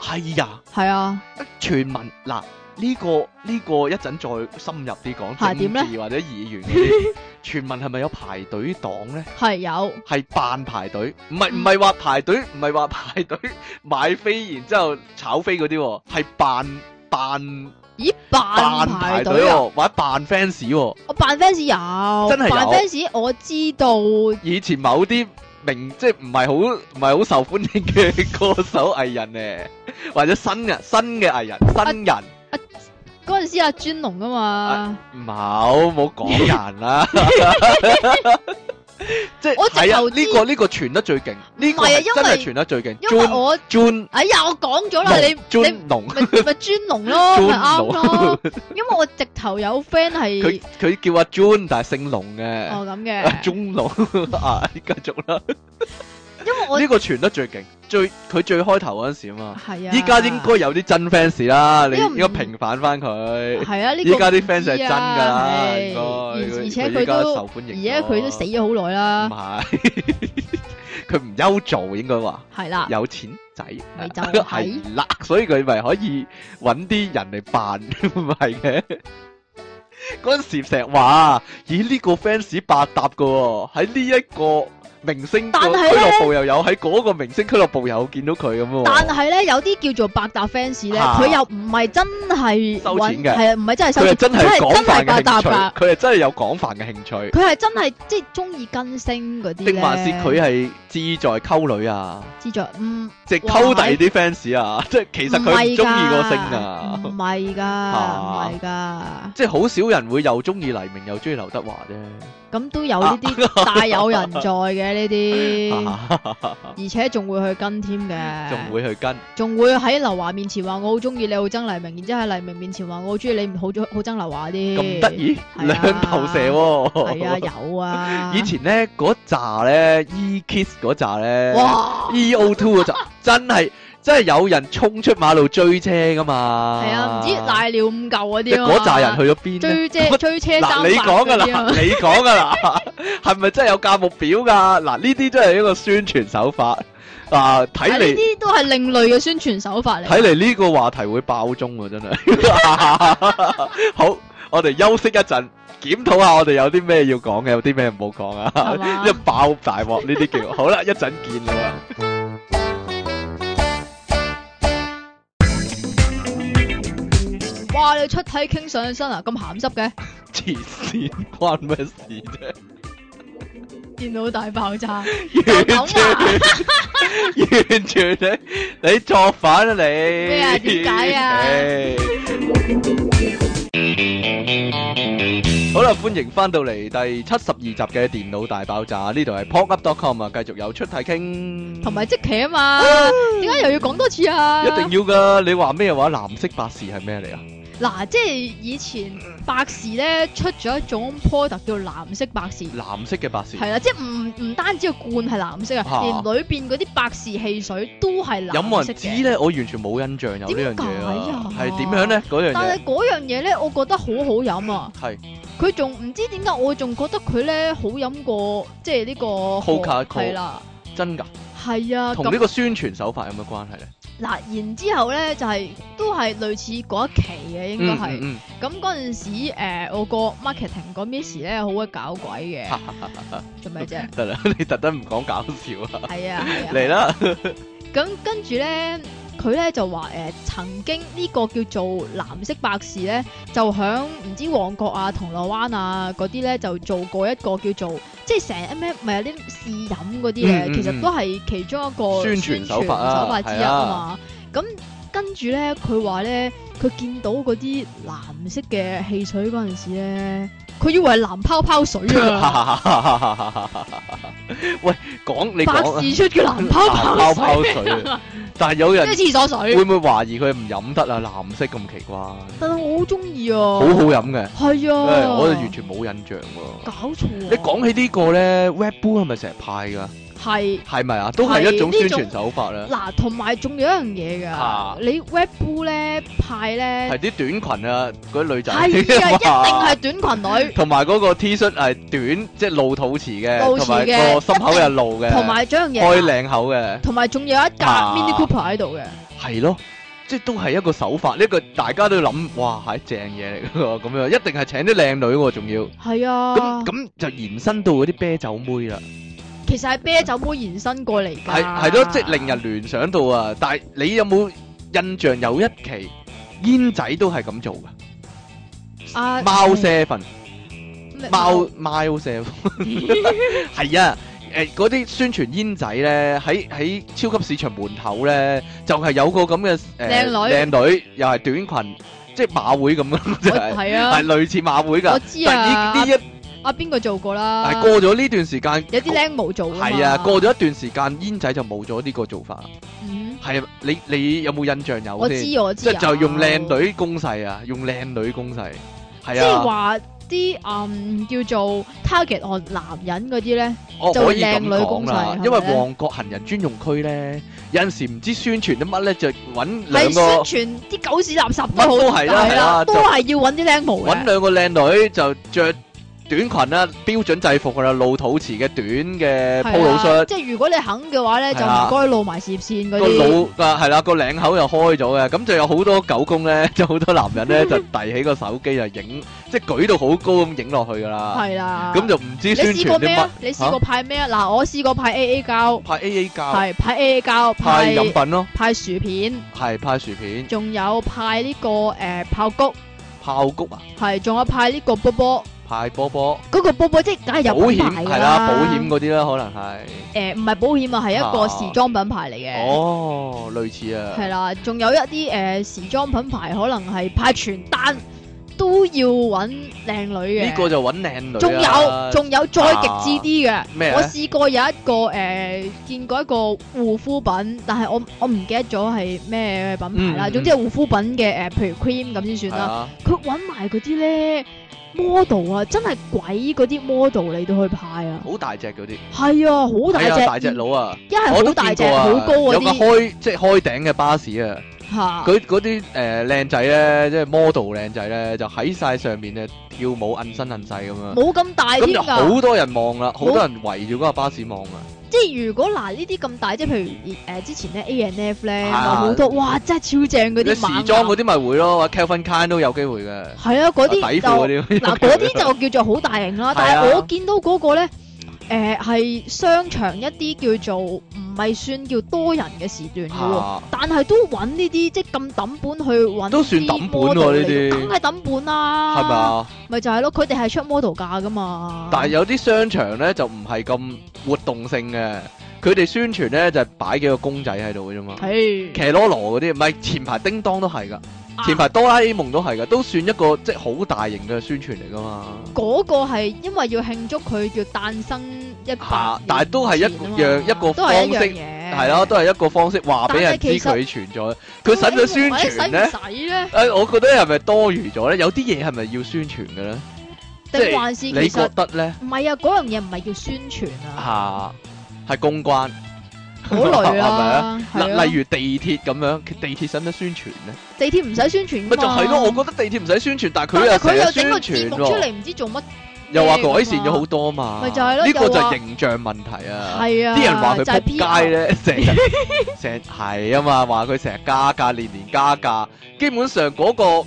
係呀，係啊！傳聞嗱，呢、這個呢、這個一陣再深入啲講政治或者議員嘅事。傳聞係咪有排隊黨咧？係有，係扮排隊，唔係唔係話排隊，唔係話排隊買飛，然之後炒飛嗰啲，係扮扮，咦，扮排隊喎，啊，或者扮 fans 喎，啊，我扮 fans 有，真係扮 fans，我知道以前某啲。明，即係唔係好唔係好受歡迎嘅歌手藝人咧， 或者新嘅新嘅藝人新人。阿嗰陣時阿尊龍啊嘛，唔、啊、好冇講人啦。 即係我直頭呢個呢個傳得最勁，呢個真係傳得最勁。專我專哎呀，我講咗啦，你專龍咪專龍咯，啱唔啱？因為我直頭有 friend 係佢，佢叫阿專，但係姓龍嘅。哦，咁嘅中龍啊，繼續啦。因我為呢個傳得最勁，最佢最開頭嗰時啊嘛，依家應該有啲真 fans 啦，你應該平反翻佢。係啊，依家啲 fans 係真噶，應該而且佢都受歡迎，而家佢都死咗好耐啦。唔係，佢唔憂做應該話係啦，有錢仔係啦，所以佢咪可以揾啲人嚟扮係嘅。嗰時成日話以呢個 fans 八搭噶喎，喺呢一個。明星俱樂部又有，喺嗰個明星俱樂部有見到佢咁喎，但係咧有啲叫做百達 fans 咧，佢又唔係真係收錢嘅。係啊，唔係真係收錢，佢係真係百達嘅，佢係真係有廣泛嘅興趣，佢係真係即係中意跟星嗰啲。定還是佢係志在溝女啊？志在嗯，即係溝第啲 fans 啊？即係其實佢係中意個星啊？唔係㗎，唔係㗎，即係好少人會又中意黎明又中意劉德華啫。咁都有呢啲大有人在嘅呢啲， 而且仲會去跟添嘅，仲、嗯、會去跟，仲會喺劉華面前話我好鍾意你，好憎黎明，然之後喺黎明面前話我好鍾意你，好鍾好憎劉華啲。咁得意，兩頭蛇喎、啊。係啊，啊，有啊。 以前咧嗰扎咧，E Kiss 嗰扎咧，E O Two 嗰扎真係。真係有人衝出馬路追車噶嘛？係啊，唔知瀨尿唔夠嗰啲啊！嗰扎人去咗邊追車追車嗱你講噶啦， 你講噶啦，係 咪真係有價目表噶、啊？嗱、啊，呢啲都係一個宣傳手法啊！睇嚟呢啲都係另類嘅宣傳手法咧。睇嚟呢個話題會爆鐘啊！真係， 好，我哋休息一陣，檢討下我哋有啲咩要講嘅，有啲咩唔好講啊！一爆大鑊呢啲叫好啦，一陣見啦。哇！你出體 king 上身啊，咁鹹濕嘅？黐線關咩事啫？ 電腦大爆炸，講話 來、啊、 完全你你作反啊你？咩啊？點解啊？來好啦，歡迎翻到嚟第七十二集嘅電腦大爆炸，呢度係 pop up dot com 啊，繼續有出體 king，同埋積淇啊嘛？點解、啊、又要講多次啊？一定要噶，你話咩話？藍色百事係咩嚟啊？嗱，即係以前百事咧出咗一種 product 叫藍色百事，藍色嘅百事係啦，即係唔唔單止個罐係藍色啊，連裏邊嗰啲百事汽水都係藍色。飲有冇人知咧，我完全冇印象有呢樣嘢啊！係點樣咧？嗰樣但係嗰樣嘢咧，我覺得好好飲啊！係是，佢仲唔知點解我仲覺得佢咧好飲過即係呢、呢個係 Coca, Coca, 啦，真㗎，係啊，同呢個宣傳手法有咩關係咧？嗱，然之後咧就係、係、都係類似嗰一期嘅，應該係咁，嗰陣時、呃、我 mark 個 marketing 嗰邊時咧好鬼搞鬼嘅。做咩啫？得啦嘛， 你特登唔講搞笑啊？係啊，嚟啦、啊！咁跟住咧。 佢咧就話誒、呃、曾經呢個叫做藍色百事咧，就響唔知旺角啊、銅鑼灣啊嗰啲咧就做過一個叫做即係成日唔係有啲試飲嗰啲嘢，嗯、其實都係其中一個宣傳手法之一啊嘛，咁。跟住咧，佢話咧，佢見到嗰啲藍色嘅汽水嗰陣時咧，佢以為係藍泡泡水啊！ 喂，講你發，事出嘅藍泡泡水， 泡泡水 但係有人即廁所水，會唔會懷疑佢唔飲得啊？藍色咁奇怪。但係我好中意啊，好好飲嘅，係啊、欸，我就完全冇印象喎。搞錯、啊！你講起個呢個咧 Red Bull 係咪成日派噶？係係咪啊？都係一種宣傳手法啦。嗱，同埋仲有一樣嘢㗎，你 Red Bull 咧派咧係啲短裙啊，嗰啲女仔，係啊，一定係短裙女。同埋嗰個 T-shirt 係短，即露肚臍嘅，同埋個心口又露嘅，同埋張嘢開領口嘅。同埋仲有一架 mini Cooper 喺度嘅。係咯，即都係一個手法。呢個大家都諗，哇，係正嘢嚟喎，咁樣一定係請啲靚女喎，仲要。係啊。咁咁就延伸到嗰啲啤酒妹啦。其實係啤酒妹延伸過嚟㗎，係係咯，即係令人聯想到啊。但係你有冇印象有一期煙仔都係咁做㗎？Mild Seven，貓 Mild Seven，係啊！誒嗰啲宣傳煙仔咧，喺喺超級市場門口咧，就係有個咁嘅誒，靚女靚女，又係短裙，即係馬會咁嘅，真係係啊，係類似馬會㗎。我知啊，呢一阿邊個做過啦？但係過咗呢段時間，有啲靚模做。係啊，過咗一段時間，煙仔就冇咗呢個做法。係啊，你你有冇印象有？我知我知，即係就用靚女攻勢啊，用靚女攻勢。係啊，即係話啲嗯叫做 targeton 男人嗰啲咧，就靚女攻勢。因為旺角行人專用區咧，有陣時唔知宣傳啲乜咧，就搵兩個。係宣傳啲狗屎垃圾，乜都係啦，都係要搵啲靚模。搵兩個靚女就着。短裙啦，標準制服噶啦，露肚臍嘅短嘅 Polo 衫。即係如果你肯嘅話咧，就唔該露埋事業線嗰啲。個露，係啦，個領口又開咗嘅，咁就有好多狗公咧，即係好多男人咧就遞起個手機啊，影即係舉到好高咁影落去噶啦。係啦，咁就唔知宣傳啲乜。你試過咩？你試過派咩啊？嗱，我試過派 A A 膠，派 A A 膠，係派 A A 膠，派飲品咯，派薯片，係派薯片，仲有派呢個誒炮谷，炮谷啊，係仲有派呢個波波。派波波，嗰個波波即係梗係有名牌啦，保險嗰啲啦，可能係誒唔係保險啊，係一個時裝品牌嚟嘅哦，類似啊，係啦，仲有一啲誒時裝品牌可能係派傳單都要搵靚女嘅，呢個就搵靚女，仲有仲有再極致啲嘅，我試過有一個誒見過一個護膚品，但係我我唔記得咗係咩品牌啦，總之係護膚品嘅誒，譬如 cream 咁先算啦，佢搵埋嗰啲咧。model 啊，真係鬼嗰啲 model 嚟到去派啊，好大隻嗰啲，係啊，好大隻、啊，大隻佬啊，一係好大隻，好、啊、高嗰啲，有個開即係開頂嘅巴士啊？吓哈，嗰啲誒靚仔咧，即係 model 靚仔咧，就喺晒上面咧跳舞、引身,隆身、引勢咁樣，冇咁大添咁就好多人望啦，好多人圍住嗰個巴士望啊。即係如果嗱呢啲咁大，即係譬如誒、呃、之前咧 A&F 咧，有好、啊、多，哇真係超正嗰啲。啊、時裝嗰啲咪會咯，話 Calvin Klein 都有機會嘅。係啊，嗰啲底啲，嗱嗰啲就叫做好大型啦。 但係我見到嗰個咧。誒係、呃、商場一啲叫做唔係算叫多人嘅時段㗎喎，啊、但係都揾呢啲即係咁抌本去揾，都算抌本喎呢啲，梗係抌本啦，係咪啊？咪就係咯，佢哋係出 model 價㗎嘛。但係有啲商場咧就唔係咁活動性嘅，佢哋宣傳咧就係、是、擺幾個公仔喺度㗎啫嘛，係是。騎羅羅嗰啲，唔係前排叮當都係㗎。前排哆啦 A 夢都係噶，都算一個即係好大型嘅宣傳嚟噶嘛。嗰個係因為要慶祝佢要誕生一，但係都係一樣一個方式，係咯，都係一個方式話俾人知佢存在。佢使咗宣傳咧，使咧。誒，我覺得係咪多餘咗咧？有啲嘢係咪要宣傳嘅咧？定還是你覺得咧？唔係啊，嗰樣嘢唔係叫宣傳啊，吓係公關。好耐啊，嗱、 嗯、例如地鐵咁樣，地鐵使唔使宣傳咧？地鐵唔使宣傳咪就係、是、咯，我覺得地鐵唔使宣傳，但係佢又成日宣傳喎。出嚟唔知做乜？又話改善咗好多嘛？咪就係咯，呢個就係形象問題啊！係說啊，啲人話佢仆街咧，成日成日係啊嘛，話佢成日加價，年年加價，基本上嗰、那個嗰、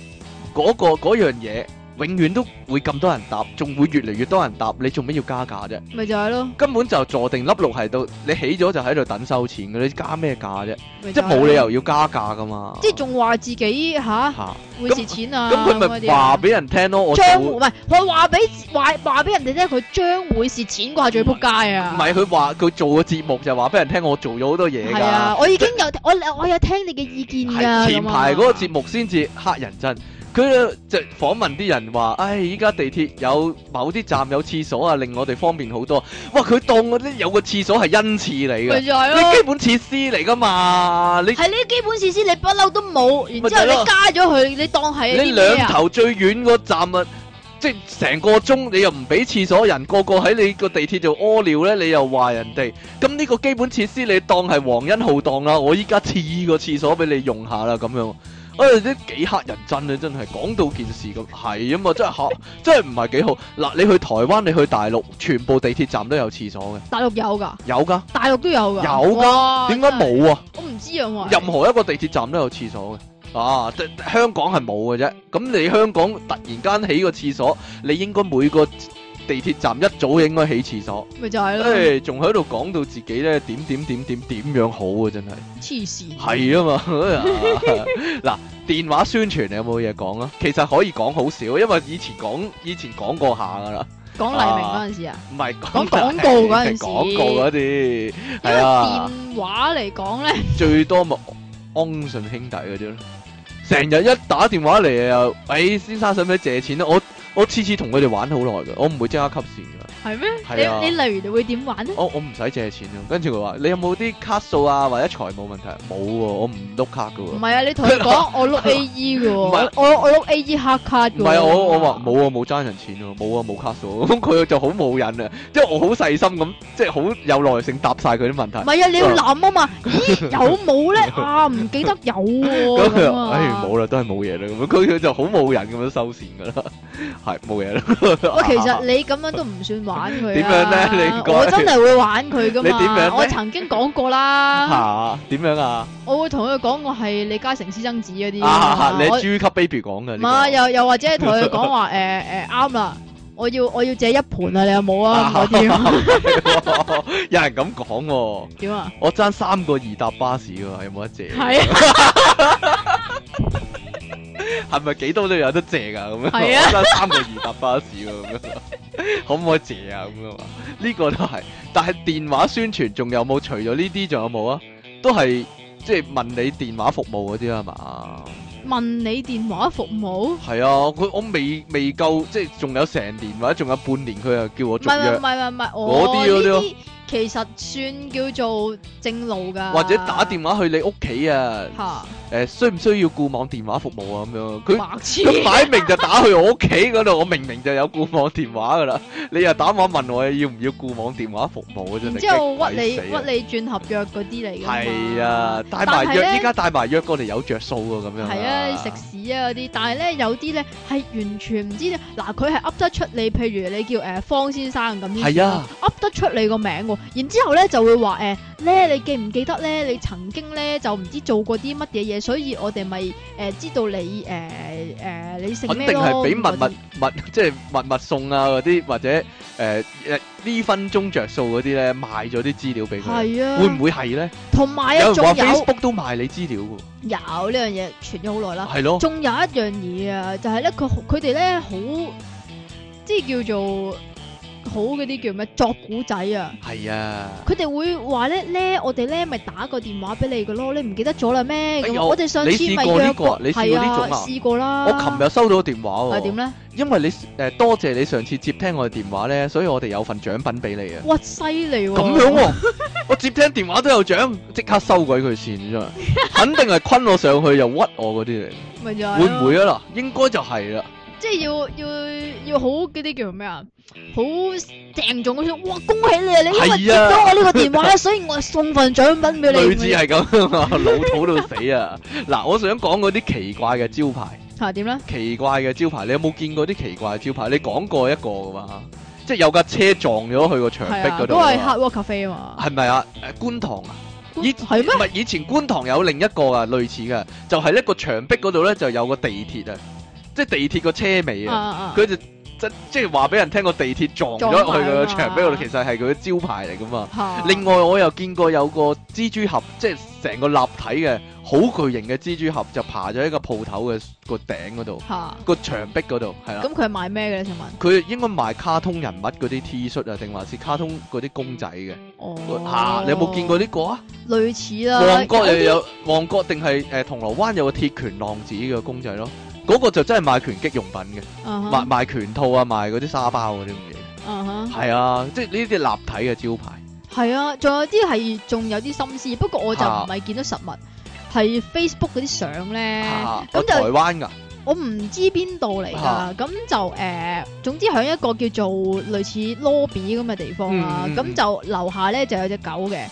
那個嗰、那個、樣嘢。永遠都會咁多人搭，仲會越嚟越多人搭。你做咩要加價啫？咪就係咯，根本就坐定粒六喺度，你起咗就喺度等收錢噶，你加咩價啫？即係冇理由要加價噶嘛。即係仲話自己吓、啊啊、會蝕錢啊？咁佢咪話俾人聽咯，我將唔係佢話俾話話俾人哋聽，佢將會蝕錢，掛住扑街啊！唔係佢話佢做個節目就話俾人聽，我做咗好多嘢噶、啊。我已經有就我我有聽你嘅意見噶。前排嗰個節目先至黑人憎。 佢就訪問啲人話，唉、哎，依家地鐵有某啲站有廁所啊，令我哋方便好多。哇！佢當嗰啲有個廁所係恩賜嚟嘅，你、啊、基本設施嚟㗎嘛？你係呢基本設施，你不嬲都冇，然之後你加咗佢，啊、你當係一、啊、你兩頭最遠個站啊，即係成個鐘，你又唔俾廁所人個個喺你個地鐵度屙尿咧？你又話人哋咁呢個基本設施，你當係皇恩浩蕩啦！我依家賜個廁所俾你用下啦，咁樣。啊！哎，都幾嚇人憎啊，真係講到件事咁係啊嘛，真係嚇，真係唔係幾好。嗱，你去台灣，你去大陸，全部地鐵站都有廁所嘅。大陸有噶？有噶的。大陸都有噶？有噶的。點解冇啊？我唔知啊嘛。任何一個地鐵站都有廁所嘅。啊，香港係冇嘅啫。咁你香港突然間起個廁所，你應該每個。地鐵站一早應該起廁所，咪就係咯。誒，仲喺度講到自己咧，點點點點點樣好啊，真係黐線。係啊嘛。嗱，電話宣傳你有冇嘢講啊？其實可以講好少，因為以前講以前講過下噶啦。講黎明嗰陣時啊？唔係講廣告嗰陣時。廣告嗰啲係啊。電話嚟講咧，最多咪安信兄弟嗰啲，成日一打電話嚟又，誒，先生使唔使借錢啊？我。我次次同佢哋玩好耐嘅，我唔會即刻吸線嘅。係咩？係啊！你例如你會點玩咧？我我唔使借錢咯。跟住佢話：你有冇啲卡數啊？或者財冇問題？冇喎，我唔碌卡嘅。唔係啊！你同佢講我碌 A E 嘅喎。唔係我我碌 A E 黑卡嘅。唔係啊！我我話冇啊，冇爭人錢咯，冇啊，冇卡數。咁佢就好冇癮啊，即係我好細心咁，即係好有耐性答晒佢啲問題。唔係啊！你要諗啊嘛，咦有冇咧？啊唔記得有。咁啊，哎冇啦，都係冇嘢啦。咁佢佢就好冇癮咁樣收線噶啦。係冇嘢咯。喂，其實你咁樣都唔算玩佢。點樣咧？你講？我真係會玩佢噶嘛？你點樣？我曾經講過啦。吓？點樣啊？我會同佢講我係李嘉誠私生子嗰啲。啊啊啊！你豬級 baby 講嘅。唔係，又又或者同佢講話誒誒啱啦，我要我要借一盤啊，你有冇啊？嗰啲。有人咁講喎。點啊？我爭三個二搭巴士喎，有冇得借？係啊。係咪幾多都有得借噶？咁樣啊，三毫二搭巴士喎，啊，咁 樣可唔可以借啊？咁樣話呢個都係，但係電話宣傳仲有冇？除咗呢啲，仲有冇啊？都係即係問你電話服務嗰啲啊嘛？問你電話服務？係啊，佢我未未夠，即係仲有成年或者仲有半年，佢又叫我續約。唔係唔係唔係，啲我啲。哦其實算叫做正路噶，或者打電話去你屋企啊？吓，誒，需唔需要固網電話服務啊？咁樣佢佢擺明就打去我屋企嗰度，我明明就有固網電話噶啦，你又打埋問我要唔要固網電話服務啊？真係唔知我屈你屈你轉合約嗰啲嚟嘅，係啊，帶埋約依家帶埋約過嚟有着數啊咁樣。係啊，食屎啊嗰啲，但係咧有啲咧係完全唔知，嗱佢係噏得出你，譬如你叫誒方先生咁，係啊，噏得出你個名喎。然之後咧就會話誒咧，你記唔記得咧？你曾經咧就唔知做過啲乜嘢嘢，所以我哋咪誒知道你誒誒你食咩咯？肯定係俾物物物即係物物送啊嗰啲，或者誒誒呢分鐘著數嗰啲咧，賣咗啲資料俾佢。係啊，會唔會係咧？同埋啊，有人話 Facebook 都賣你資料㗎。有呢樣嘢傳咗好耐啦。係咯，仲有一樣嘢啊，就係咧佢佢哋咧好即係叫做。好嗰啲叫咩作古仔啊？係啊，佢哋會話咧咧，我哋咧咪打個電話俾你個咯，你唔記得咗啦咩？我哋上次咪有，你試過呢個啊？你試過呢種啊？試過啦，我琴日收到電話喎。係點咧？因為你誒，多謝你上次接聽我嘅電話咧，所以我哋有份獎品俾你啊！哇，犀利喎！咁樣，我接聽電話都有獎，即刻收鬼佢線咗，肯定係昆我上去又屈我嗰啲嚟，會唔會啊？嗱，應該就係啦。即係要要要好嗰啲叫做咩啊？好鄭重嗰種，哇！恭喜你啊！你因為接咗我呢個電話， 所以我送份獎品俾你。類似係咁 老土到死啊！嗱， 我想講嗰啲奇怪嘅招牌，點咧、啊？奇怪嘅招牌，你有冇見過啲奇怪嘅招牌？你講過一個噶嘛？即係有架車撞咗去個牆壁嗰度、啊。都係黑窩咖啡啊嘛。係咪啊？誒、呃，觀塘啊？塘以係咩？唔係嗎，以前觀塘有另一個啊，類似嘅，就係、是、呢個牆壁嗰度咧，就有個地鐵啊。即係地鐵個車尾啊，啊！佢就，就即即係話俾人聽個地鐵撞咗落去個牆壁度、啊啊、其實係佢嘅招牌嚟噶嘛。啊、另外我又見過有個蜘蛛俠，即係成個立體嘅好巨型嘅蜘蛛俠就爬咗喺個鋪頭嘅個頂嗰度，個牆壁嗰度係啦。咁佢係賣咩嘅咧？請問佢應該賣卡通人物嗰啲 T 恤啊，定還是卡通嗰啲公仔嘅？吓、哦啊，你有冇見過呢、這個啊？類似啦，旺角又有旺角定係誒銅鑼灣有，點、呃、有個鐵拳浪子嘅公仔咯。嗰個就真係賣拳擊用品嘅，uh huh. 賣賣拳套啊，賣嗰啲沙包嗰啲咁嘢。嗯、uh huh. 係啊，即係呢啲立體嘅招牌。係啊，仲有啲係仲有啲心思，不過我就唔係見到實物，係 Facebook 嗰啲相咧。咁、uh huh. 就台灣噶，我唔知邊度嚟㗎。咁、uh huh. 就誒、呃，總之喺一個叫做類似 lobby 咁嘅地方啊。咁、嗯、就樓下咧就有隻狗嘅。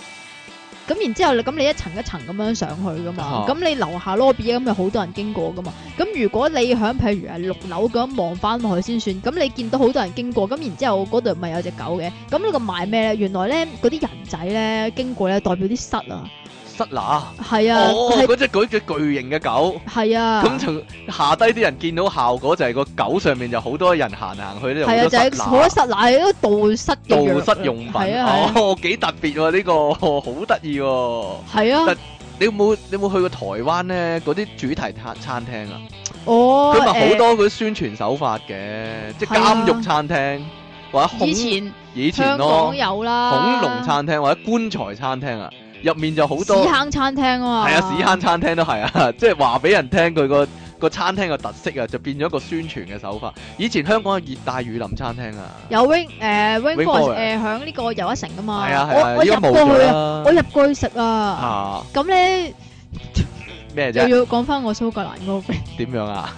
咁然之後，你咁你一層一層咁樣上去噶嘛？咁、哦、你樓下 lobby 咁咪好多人經過噶嘛？咁如果你喺譬如係六樓咁望翻落去先算，咁你見到好多人經過，咁然之後嗰度咪有隻狗嘅？咁你個賣咩咧？原來咧嗰啲人仔咧經過咧代表啲室啊。塞拿係啊！嗰隻隻巨型嘅狗係啊！咁從下低啲人見到效果就係個狗上面就好多人行行去呢度。係啊！就係好塞拿，都盜失嘅盜室用品，啊，幾特別喎！呢個好得意喎！係啊！你有冇你有冇去過台灣咧？嗰啲主題餐餐廳啊！哦，佢咪好多嗰啲宣傳手法嘅，即係監獄餐廳或者恐，以前香港有啦，恐龍餐廳或者棺材餐廳啊！入面就好多。屎坑餐廳喎。係啊，屎坑餐廳都係啊，即係話俾人聽佢個個餐廳嘅特色啊，就變咗一個宣傳嘅手法。以前香港嘅熱帶雨林餐廳啊，有 wing 誒 wing food 誒響呢個遊一城㗎嘛。係啊係啊，我入過去啊，我入過去食啊。嚇！咁咧咩啫，又要講翻我蘇格蘭 movie 點樣啊？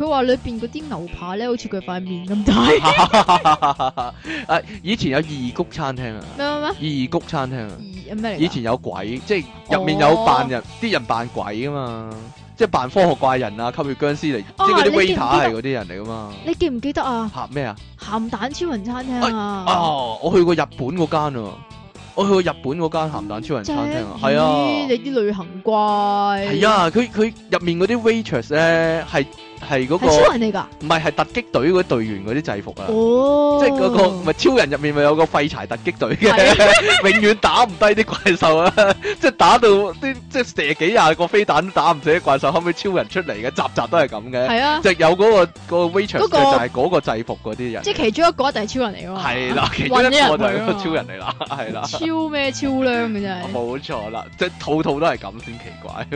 佢話裏邊嗰啲牛扒咧，好似佢塊面咁大。誒，以前有異谷餐廳啊，咩咩咩，異谷餐廳啊，咩以前有鬼，即係入面有扮人，啲人扮鬼啊嘛，即係扮科學怪人啊，吸血僵屍嚟，即係啲 waiter 係嗰啲人嚟啊嘛。你記唔記得啊？鹹咩啊？鹹蛋超人餐廳啊！哦，我去過日本嗰間喎，我去過日本嗰間鹹蛋超人餐廳啊，係啊，你啲旅行怪係啊，佢佢入面嗰啲 waitress 咧係。係嗰個，唔係係突擊隊嗰啲隊員嗰啲制服啊，即係嗰個，唔係超人入面咪有個廢柴突擊隊嘅，永遠打唔低啲怪獸啊，即係打到啲即係射幾廿個飛彈都打唔死啲怪獸，可唔可以超人出嚟嘅？集集都係咁嘅，就有嗰個個威場，就係嗰個制服嗰啲人，即係其中一個一定係超人嚟噶嘛，係啦，其中一個人就係超人嚟啦，係啦，超咩超靚嘅真係，冇錯啦，即係套套都係咁先奇怪，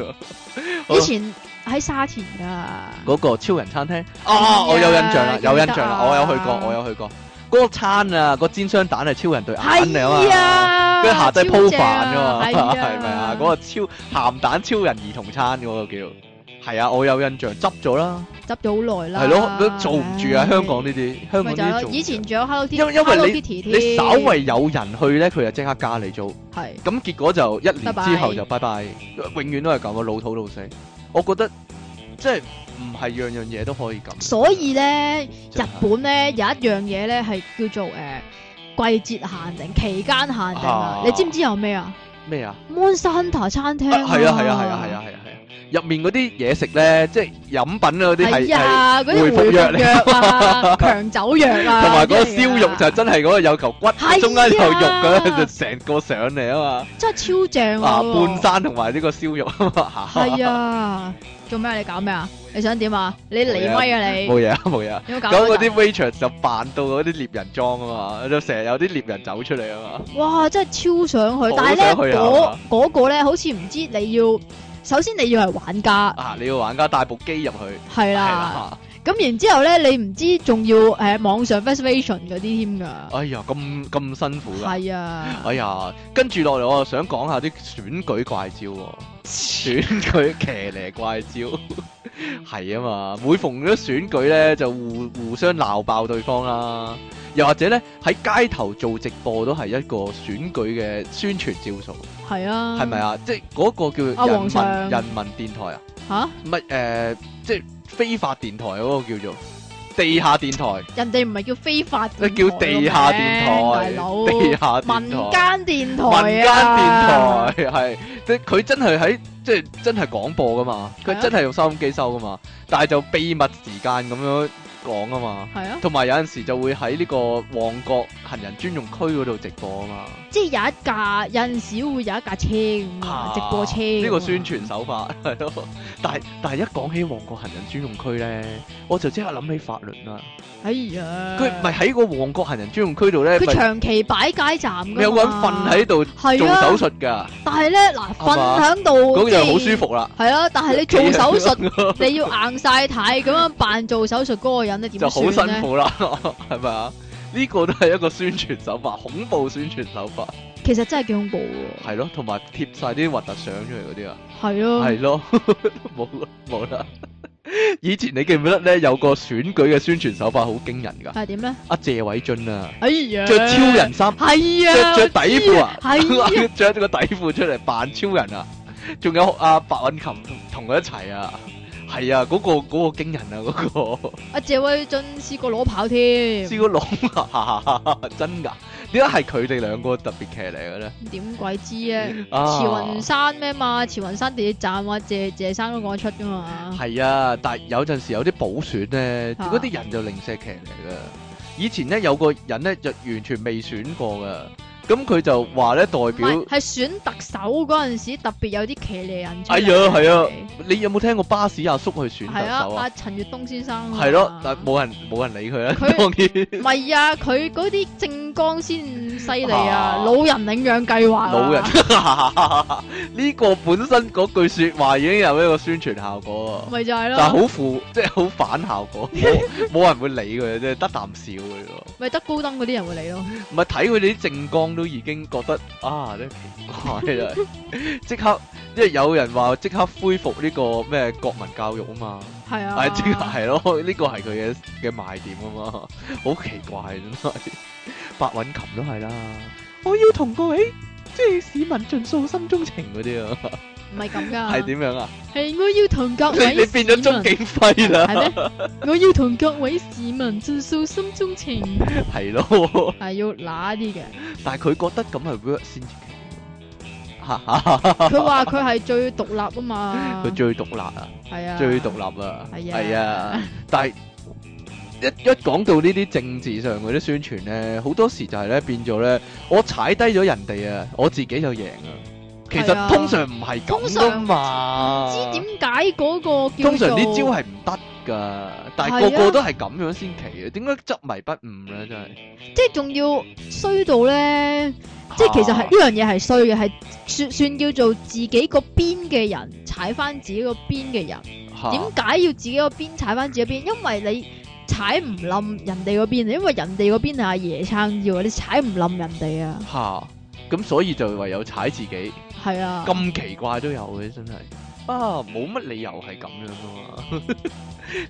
以前。喺沙田噶嗰個超人餐廳，哦，我有印象啦，有印象啦，我有去過，我有去過。嗰個餐啊，個煎雙蛋係超人對眼嚟啊嘛，跟住下低鋪飯噶嘛，係咪啊？嗰個超鹹蛋超人兒童餐嗰個叫，係啊，我有印象，執咗啦，執咗好耐啦。係咯，都做唔住啊！香港呢啲，香港呢啲，以前仲有 Hello Kitty，因為因為你你稍微有人去咧，佢就即刻加你做，係咁結果就一年之後就拜拜，永遠都係咁啊，老土老死。我覺得即係唔係樣樣嘢都可以咁，所以咧，日本咧，有一樣嘢咧，係叫做誒季節限定、期間限定啊！你知唔知有咩啊？咩啊？Monster Hunter 餐廳？係啊係啊係啊係啊係啊係啊！入面嗰啲嘢食咧，即係飲品啊，嗰啲係回復藥啊、強酒藥啊，同埋嗰個燒肉就真係嗰個有嚿骨，中間有肉嘅咧，就成個上嚟啊嘛，真係超正啊！半山同埋呢個燒肉啊嘛，係啊，做咩啊？你搞咩啊？你想點啊？你嚟咪啊你？冇嘢啊，冇嘢。咁嗰啲 waitress 就扮到嗰啲獵人裝啊嘛，就成日有啲獵人走出嚟啊嘛。哇！真係超想去，但係咧嗰嗰個咧，好似唔知你要。首先你要係玩家。啊你要玩家帶部機入去，係啦，咁、啊、然之後咧，你唔知仲要誒、呃、網上 festival 嗰啲添噶。哎呀，咁咁辛苦噶。係啊。啊哎呀，跟住落嚟，我又想講下啲選舉怪招、啊， 選舉騎呢怪招係 啊嘛，每逢咗選舉咧，就互互相鬧爆對方啦、啊。又或者咧喺街頭做直播都係一個選舉嘅宣傳招數，係啊，係咪啊？即係嗰個叫人民、啊、人民電台啊？吓哈？唔係、嗯呃、即係非法電台嗰、啊嗰個叫做，台叫，台叫做地下電台。人哋唔係叫非法，叫地下電台，地下民間電台、啊、民間電台係 即係佢真係喺即係真係廣播㗎嘛？佢、啊、真係用收音機收㗎嘛？但係就秘密時間咁樣。講啊嘛，係啊，同埋有陣時就會喺呢個旺角行人專用區嗰度直播啊嘛，即係有一架，有陣時會有一架車咁啊，直播車呢個宣傳手法係咯。 但係但係一講起旺角行人專用區咧，我就即刻諗起法輪啦。哎呀，佢唔係喺個旺角行人專用區度咧，佢長期擺街站。有個人瞓喺度做手術噶？但係咧嗱，瞓喺度咁就好舒服啦。係啊，吧欸、但係你做手術、欸、你要硬晒體咁樣扮做手術嗰個人，你點就好辛苦啦？係咪啊？呢、這個都係一個宣傳手法，恐怖宣傳手法。其實真係幾恐怖喎。係咯，同埋貼晒啲核突相出嚟嗰啲啊！係咯，係咯、啊，冇啦冇啦。以前你記唔記得咧？有個選舉嘅宣傳手法好驚人噶。係點咧？阿謝偉俊啊，着、哎、呀超人衫，着着底褲啊，着着、啊啊、 個底褲出嚟扮超人啊。仲有阿白韻琴同佢一齊啊。係啊，嗰、 啊那個嗰、那個驚人啊，嗰、那個。阿謝偉俊試過攞跑添，試過攞真噶。點解係佢哋兩個特別劇嚟嘅咧？點鬼知啊！啊慈雲山咩嘛？慈雲山地鐵站話、啊、謝謝生都講得出嘅嘛？係啊，但係有陣時有啲補選咧，嗰啲人就零舍劇嚟嘅。以前咧有個人咧就完全未選過嘅。咁佢、嗯、就話咧，代表係選特首嗰陣時，特別有啲騎呢人。係啊係啊，你有冇聽過巴士阿叔、叔去選特首啊？陳月東先生係、啊、咯，但冇人冇人理佢他然啊！唔係啊，佢嗰啲政綱先犀利啊！老人領養計劃、啊，老人呢、呢個本身嗰句説話已經有一個宣傳效果啊！咪就係咯，但係好負即係好反效果，冇 人會理佢即啫，得啖笑嘅喎、這個。咪得高登嗰啲人會理咯，唔係睇佢哋啲政綱。都已經覺得啊，好奇怪啊！即 刻，因為有人話即刻恢復呢、呢個咩國民教育啊嘛，係啊，即係咯，呢個係佢嘅嘅賣點啊嘛，好奇怪真係。白韻琴都係啦，我要同各位，即係市民盡訴心中情嗰啲啊。唔係咁噶，係點樣啊？係我要同各位，你你變咗鍾景輝啦，係咩？我要同各位市民盡訴心中情，係咯，係要嗱啲嘅。但係佢覺得咁係比較先進，佢話佢係最獨立啊嘛，佢最獨立啊，係啊，最獨立啊，係啊，係啊。但係一一講到呢啲政治上嗰啲宣傳咧，好多時就係咧變咗咧，我踩低咗人哋啊，我自己就贏啊。其實通常唔係咁噶嘛，通常，唔知點解嗰個叫通常啲招係唔得噶，但係個個都係咁樣先奇，點解執迷不悟咧？真係即係仲要衰到咧，啊、即係其實係呢樣嘢係衰嘅，係、啊、算算叫做自己個邊嘅人踩翻自己個邊嘅人，點解、啊、要自己個邊踩翻自己邊？因為你踩唔冧人哋個邊，因為人哋個邊係阿爺撐腰，你踩唔冧人哋啊。啊咁所以就唯有踩自己，係啊，咁奇怪都有嘅，真係啊，冇乜理由係咁樣噶嘛、啊？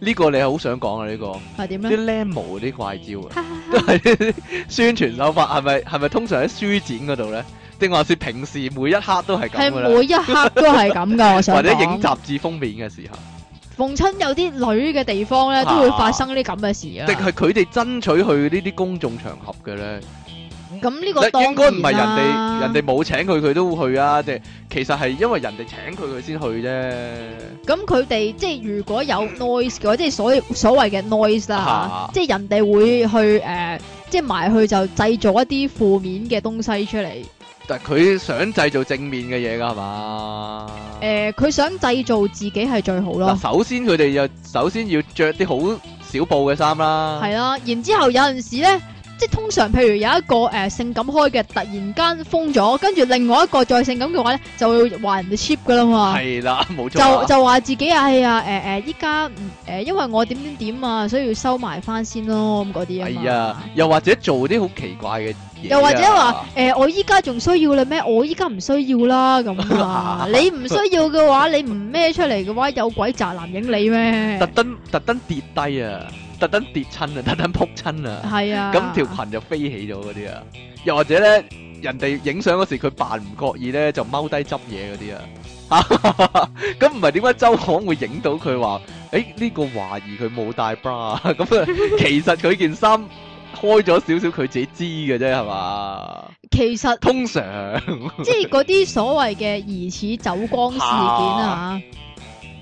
呢 個你係好想講啊？這個、呢個係點樣咧？啲靚模啲怪招啊， 都係宣傳手法，係咪係咪？是是通常喺書展嗰度咧，定還是說平時每一刻都係咁？係每一刻都係咁噶？ 我想或者影雜誌封面嘅時候，逢親有啲女嘅地方咧，都會發生啲咁嘅事啊！定係佢哋爭取去呢啲公眾場合嘅咧？咁呢個當然啦、啊。應該唔係人哋人哋冇請佢，佢都會去啊！即係其實係因為人哋請佢，佢先去啫。咁佢哋即係如果有 noise 嘅話，即係所所謂嘅 noise 啦、啊、即係人哋會去誒、呃，即係埋去就製造一啲負面嘅東西出嚟。但係佢想製造正面嘅嘢噶係嘛？誒，佢、呃、想製造自己係最好咯、呃。首先佢哋就首先要着啲好少布嘅衫啦。係啊，然之後有陣時咧。即係通常，譬如有一個誒、呃、性感開嘅，突然間封咗，跟住另外一個再性感嘅話咧，就會話人哋 cheap 噶啦嘛。係啦，冇錯。就就話自己啊，係啊，誒、呃、誒，依家誒，因為我點點點啊，所以要收埋翻先咯，咁嗰啲啊。係啊、哎，又或者做啲好奇怪嘅嘢，又或者話誒、呃，我依家仲需要你咩？我依家唔需要啦，咁啊， 你唔需要嘅話，你唔咩出嚟嘅話，有鬼宅男影你咩？特登特登跌低啊！特登跌親啊，特登扑親啊，係啊，咁條裙就飛起咗嗰啲啊，又或者咧，人哋影相嗰時佢扮唔覺意咧，就踎低執嘢嗰啲啊，咁唔係點解周刊會影到佢話，誒，呢個懷疑佢冇戴 bra，咁啊其實佢件衫開咗少少，佢自己知嘅啫係嘛，其實通常即係嗰啲所謂嘅疑似走光事件啊。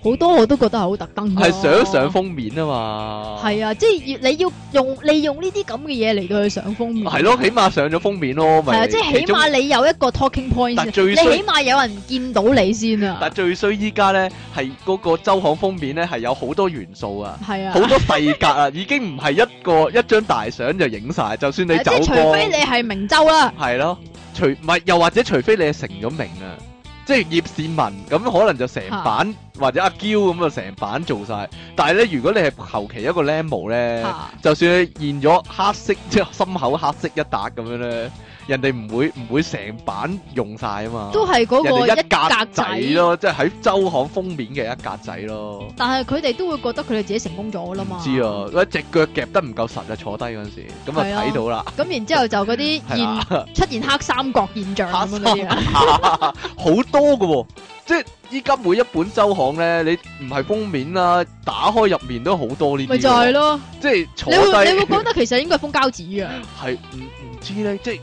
好多我都覺得係好特登，係想上封面啊嘛！係啊，即係你要用利用呢啲咁嘅嘢嚟到去上封面，係咯，起碼上咗封面咯，咪即係起碼你有一個 talking point，你起碼有人見到你先啊！但最衰依家咧係嗰個週刊封面咧係有好多元素啊，係啊，好多細格啊，已經唔係一個一張大相就影晒，就算你走過，除非你係明周啦，係咯，除唔係又或者除非你係成咗名啊！即係葉倩文咁，可能就成版，啊、或者阿嬌咁啊，成版做晒。但係咧，如果你係求其一個僆模咧，啊、就算染咗黑色，即係心口黑色一笪咁樣咧。人哋唔會唔會成版用晒啊嘛，都係嗰個一格，一，格一格仔咯，即係喺周刊封面嘅一格仔咯。但係佢哋都會覺得佢哋自己成功咗啦嘛。知啊，一隻腳夾得唔夠實就坐低嗰陣時，咁啊睇到啦。咁、 啊、然之後就嗰啲 是、啊、 出現黑三角現象咁嗰啲好多噶、哦，即係依家每一本周刊咧，你唔係封面啦、啊，打開入面都好多呢啲。咪就係咯，即係坐低。你會覺 得其實應該封膠紙啊，係唔唔知咧，即係。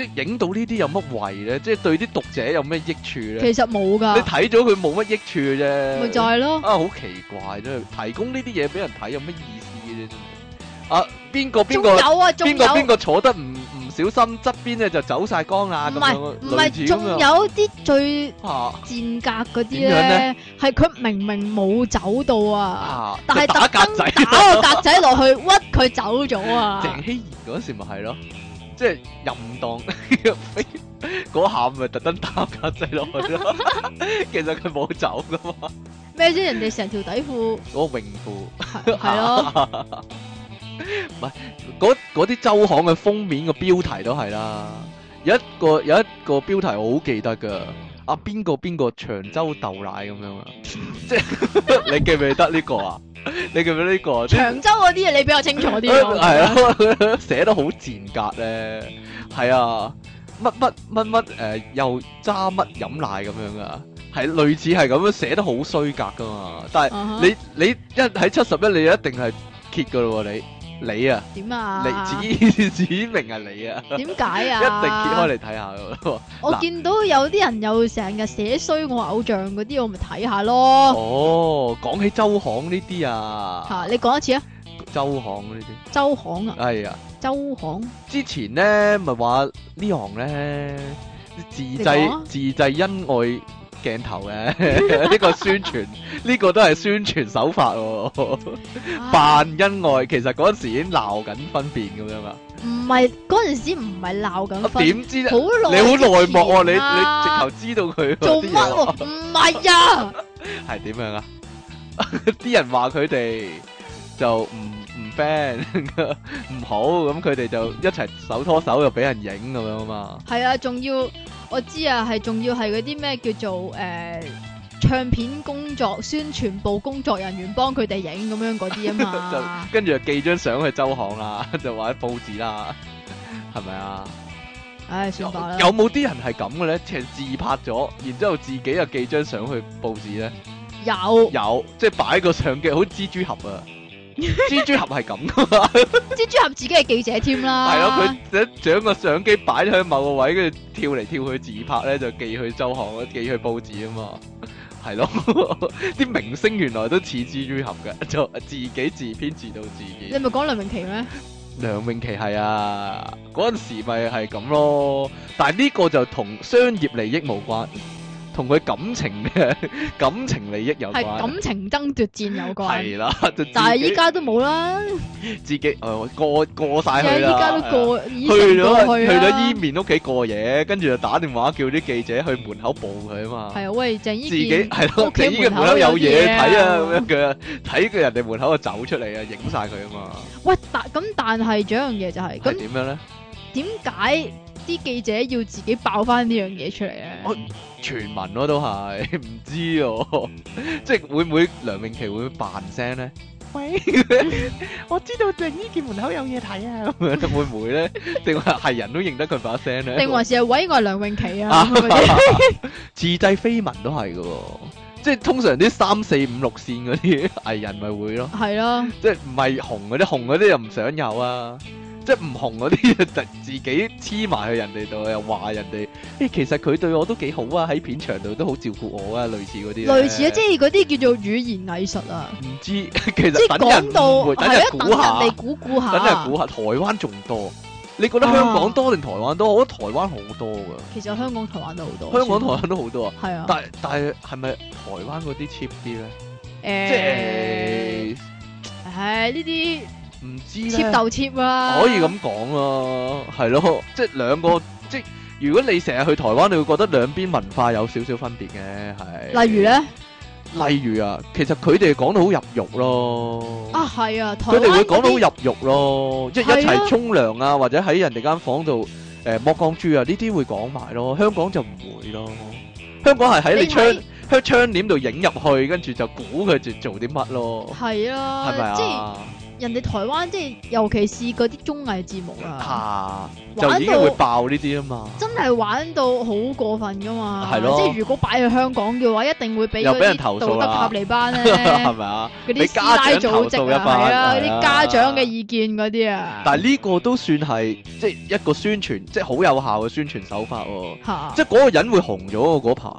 即係影到呢啲有乜為咧？即係對啲讀者有咩益處咧？其實冇噶，你睇咗佢冇乜益處嘅啫，咪就係咯。啊，好奇怪啫！提供呢啲嘢俾人睇有乜意思啫？啊，邊個邊個仲有啊，邊個邊個坐得唔唔小心側邊咧就走晒光啊！同埋唔係仲有啲最賤格嗰啲咧，係佢明明冇走到啊，但係特登打個格仔落去屈佢走咗啊！鄭希怡嗰時咪係咯。即係淫蕩，嗰 下咪特登打格仔落去咯。 其實佢冇走噶嘛。咩啫？人哋成條底褲，嗰個泳褲係咯。唔係嗰啲周刊嘅封面嘅標題都係啦。有一個有一個標題我好記得噶，啊，邊個邊個長洲豆奶咁樣啊。即 係 你記唔記得呢個啊？ 你記唔記得呢個？長洲嗰啲嘢你比較清楚啲咯。係啊、呃的的，寫得好賤格咧。係啊，乜乜乜乜誒，又揸乜飲奶咁樣噶，係類似係咁樣寫得好衰格噶嘛。但係、uh huh. 你你一喺七十一，你一, 71，你一定係揭噶咯你。你啊？點啊？指指明係你啊？點解啊？ 一定揭開嚟睇下我見看到 有啲人又成日寫衰我偶像嗰啲，我咪睇下咯。哦，講起周刊呢啲啊嚇，你講一次啊！周刊呢啲，周刊啊，係啊，周刊之前咧咪話呢行咧自製自製恩愛。鏡頭嘅呢 個宣傳，呢 個都係宣傳手法、哦，扮 恩愛。其實嗰陣時已經鬧緊分辨咁樣嘛。唔係嗰陣時唔係鬧緊婚，點、啊、知好內、啊啊，你好內幕你你直頭知道佢、啊、做乜？唔係呀，係點、啊、 樣啊？啲 人話佢哋就唔唔 friend 唔好，咁佢哋就一齊手拖手就俾人影咁樣嘛。係 啊，仲要。我知啊，係仲要係嗰啲咩叫做誒、呃、唱片工作、宣傳部工作人員幫佢哋影咁樣嗰啲啊嘛，跟住 就寄張相去周行啦，就或者報紙啦，係咪啊？唉，算啦。有冇啲人係咁嘅咧？成日自拍咗，然之後自己又寄張相去報紙咧？有有，即係擺個相機，好蜘蛛俠啊！ 蜘蛛俠係咁噶嘛？蜘蛛俠自己係記者添啦， 係咯，佢一掌個相機擺喺某個位，跟住跳嚟跳去自拍咧，就寄去周刊，寄去報紙啊嘛，係咯，啲明星原來都似蜘蛛俠嘅，就自己自編自導自己。你咪講梁詠琪咩？梁詠琪係啊，嗰陣時咪係咁咯，但係呢個就同商業利益無關。 同佢感情嘅感情利益有關係，感情爭奪戰有關係啦，但係依家都冇啦。自己誒過過晒去啦。依家都過，去咗去咗伊面屋企過夜，跟住就打電話叫啲記者去門口報佢啊嘛。係啊，喂，鄭伊健，自己係咯，屋企門口有嘢睇啊，佢睇佢人哋門口就走出嚟啊，影晒佢啊嘛。喂，但咁但係，仲有一樣嘢就係咁點樣咧？點解啲記者要自己爆返呢樣嘢出嚟咧？全民咯，都係唔知哦，即係會唔會梁詠琪會扮聲咧？喂，我知道鄭伊健門口有嘢睇啊，咁樣會唔會咧？定話係人都認得佢把聲咧？定還是係喂我係梁詠琪啊？自製緋聞都係嘅，即係通常啲三四五六線嗰啲藝人咪會咯，係咯，即係唔係紅嗰啲，紅嗰啲又唔想有啊。即係唔紅嗰啲，就自己黐埋去人哋度，又話人哋，誒，其實佢對我都幾好啊，喺片場度都好照顧我啊，類似嗰啲。類似啊，即係嗰啲叫做語言藝術啊。唔知，其實等人唔會，等人嚟估估下。等人估下，台灣仲多。你覺得香港多定台灣多？我覺得台灣好多噶。其實香港、台灣都好多。香港、台灣都好多啊。係啊。但係但係係咪台灣嗰啲 cheap 啲咧？誒，即係係呢啲。唔知咧，妾妾啊、可以咁講咯，係咯，即係兩個，即係如果你成日去台灣，你會覺得兩邊文化有少少分別嘅，係。例如咧，例如啊，其實佢哋講到好入肉咯，啊係啊，佢哋、啊、會講到好入肉咯，即係、啊、一齊沖涼啊，或者喺人哋間房度誒剝光豬啊，呢啲會講埋咯，香港就唔會咯，香港係喺你窗喺是窗簾度影入去，跟住就估佢做做啲乜咯，係啊，係咪啊？人哋台灣即係，尤其是嗰啲綜藝節目啊，就應該會爆呢啲啊嘛，真係玩到好過分噶嘛，係咯，即係如果擺去香港嘅話，一定會俾嗰啲道德合理班咧，係咪啊？嗰啲家長組織啊，係啊，啲家長嘅意見嗰啲啊。但係呢個都算係即係一個宣傳，即係好有效嘅宣傳手法喎，即係嗰個人會紅咗嗰排。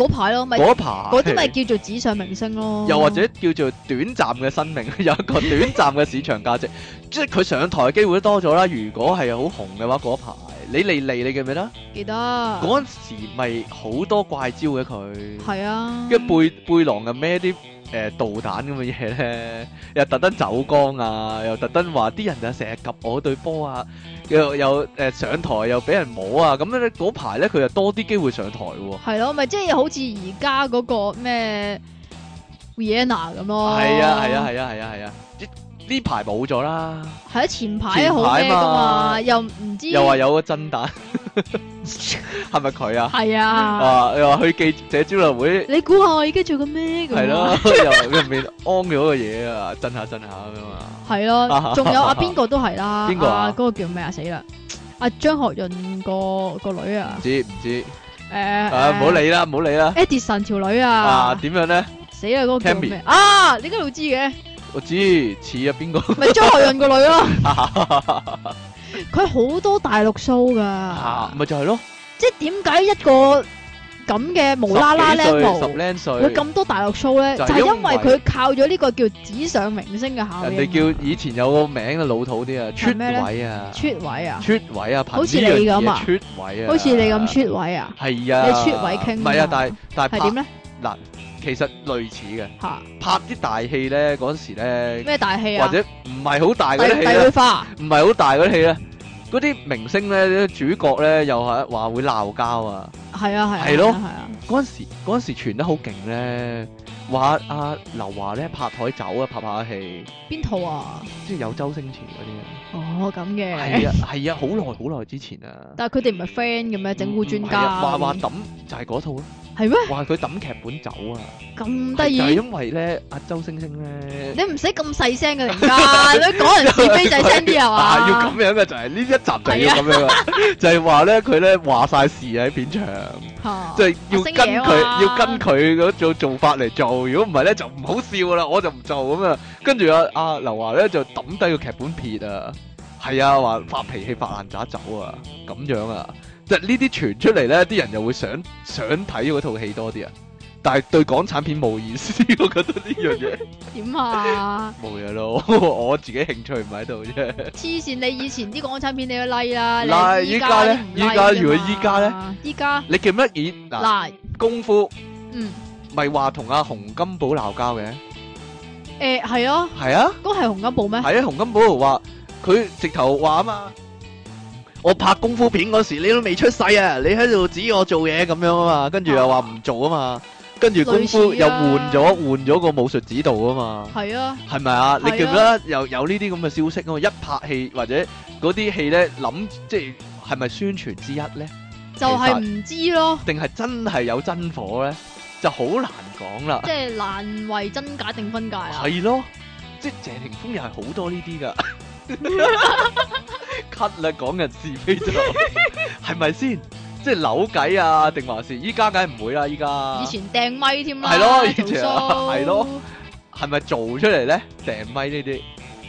嗰排咯，咪，嗰排嗰啲咪叫做紙上明星咯，又或者叫做短暫嘅生命， 有一個短暫嘅市場價值， 即係佢上台嘅機會都多咗啦。如果係好紅嘅話，嗰排你莉莉你記唔記得？記得嗰陣時咪好多怪招嘅佢，係啊，跟住背背囊嘅咩啲。誒、呃，導彈咁嘅嘢咧，又特登走光啊，又特登話啲人就成日及我對波啊，又又誒、呃、上台又俾人摸啊，咁咧嗰排咧佢又多啲機會上台喎。係咯，咪即係好似而家嗰個咩 Vienna 咁咯。係啊，係啊，係啊，係啊，係啊。呢排冇咗啦，係啊，前排好咩噶嘛，又唔知又話有個震蛋，係咪佢啊？係啊，又話去記者交流會，你估下我而家做緊咩咁？係咯，又入面安咗個嘢啊，震下震下咁啊嘛。係咯，仲有阿邊個都係啦。邊個？嗰個叫咩啊？死啦，阿張學潤個個女啊？唔知唔知？誒，唔好理啦，唔好理啦。Edison 條女啊？啊，點樣咧？死啦，嗰個叫咩啊？你嗰度知嘅？我知似啊，邊個？咪張學仁個女咯，佢好多大陸 show 噶，咪就係咯。即係點解一個咁嘅無啦啦 level，佢咁多大陸 show 咧？就係因為佢靠咗呢個叫紙上明星嘅效應。人哋叫以前有個名啊，老土啲啊，出位啊，出位啊，出位啊，好似你咁啊，出位啊，好似你咁出位啊，係啊，你出位傾。係啊，但係但係，係點咧？嗱。其實類似嘅，哈？拍啲大戲咧嗰陣時咧，咩大戲啊？或者唔係好大嗰啲戲啦、啊，唔係好大嗰啲戲啦、啊，嗰啲明星咧、主角咧又係話會鬧交啊，係啊係啊，係咯、啊，嗰陣、啊啊啊、時嗰陣時傳得好勁咧。話阿劉華咧拍台走啊，拍拍戲。邊套啊？即係有周星馳嗰啲啊。哦，咁嘅。係啊，係啊，好耐好耐之前啊。但係佢哋唔係 friend 嘅咩？整蠱專家。話話抌就係嗰套咯。係咩？話佢抌劇本走啊。咁得意。就係因為咧，阿周星星咧。你唔使咁細聲嘅，人家，你講人是非就聲啲啊嘛。要咁樣嘅就係呢一集就係要咁樣啊，就係話咧佢咧話晒事喺片場。即係要跟佢、啊，要跟佢嗰做做法嚟做。如果唔係咧，就唔好笑啦。我就唔做咁啊。跟住阿阿劉華咧就抌低個劇本撇啊，係啊，話發脾氣發爛渣走啊，咁樣啊。即係呢啲傳出嚟咧，啲人就會想想睇嗰套戲多啲啊。但係對港產片冇意思，我覺得呢樣嘢點啊？冇嘢咯，我自己興趣唔喺度啫。黐線，你以前啲港產片你都 like 啦。嗱，依家咧，依家如果依家咧，依家你叫乜嘢？嗱？功夫，嗯，咪話同阿洪金寶鬧交嘅。誒，係啊，係啊，嗰係洪金寶咩？係啊，洪金寶話佢直頭話啊嘛，我拍功夫片嗰時你都未出世啊，你喺度指我做嘢咁樣啊嘛，跟住又話唔做啊嘛。跟住功夫又換咗、啊、換咗個武術指導啊嘛，係啊，係咪吧啊？你記唔記得有呢啲咁嘅消息啊？一拍戲或者嗰啲戲咧，諗即係咪宣傳之一咧？就係唔知咯，定係真係有真火咧，就好難講啦。即係難為真假定分界 啊！係咯，即係謝霆鋒又係好多呢啲噶，咳 啦，講人自卑啫，係咪先？即係扭計啊，定還是依家梗係唔會、啊、咧咧啦，依家咯。以前掟咪添啦，係咯，以前，係咯，係咪做出嚟咧？掟咪呢啲。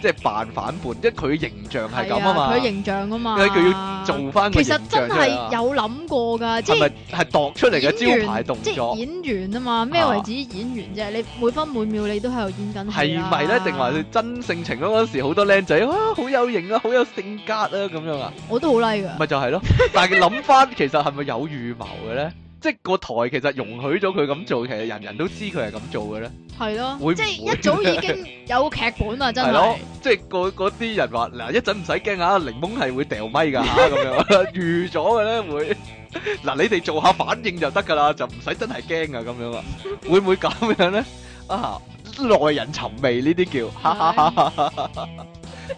即係扮反叛，即係佢形象係咁啊嘛，佢形象啊嘛，佢要做翻。其實真係有諗過㗎，係咪係度出嚟嘅員招牌動作？演員啊嘛，咩為止演員啫？啊、你每分每秒你都喺度演緊戲係咪咧？定話你真性情咯？嗰時好多靚仔啊，好有型啊，好有性格啊，咁樣啊！我都好 like 㗎。咪就係咯，但係佢諗翻， 其實係咪有預謀嘅咧？即係個台其實容許咗佢咁做，其實人人都知佢係咁做嘅咧。係咯的，即係一早已經有劇本啊，真係的。即係嗰啲人話嗱，一陣唔使驚啊，檸檬係會掉咪噶吓，咁 樣預咗嘅咧會。嗱， 你哋做下反應就得噶啦，就唔使真係驚 啊，咁樣的 啊，會唔會咁樣咧？啊，耐人尋味呢啲叫，哈哈！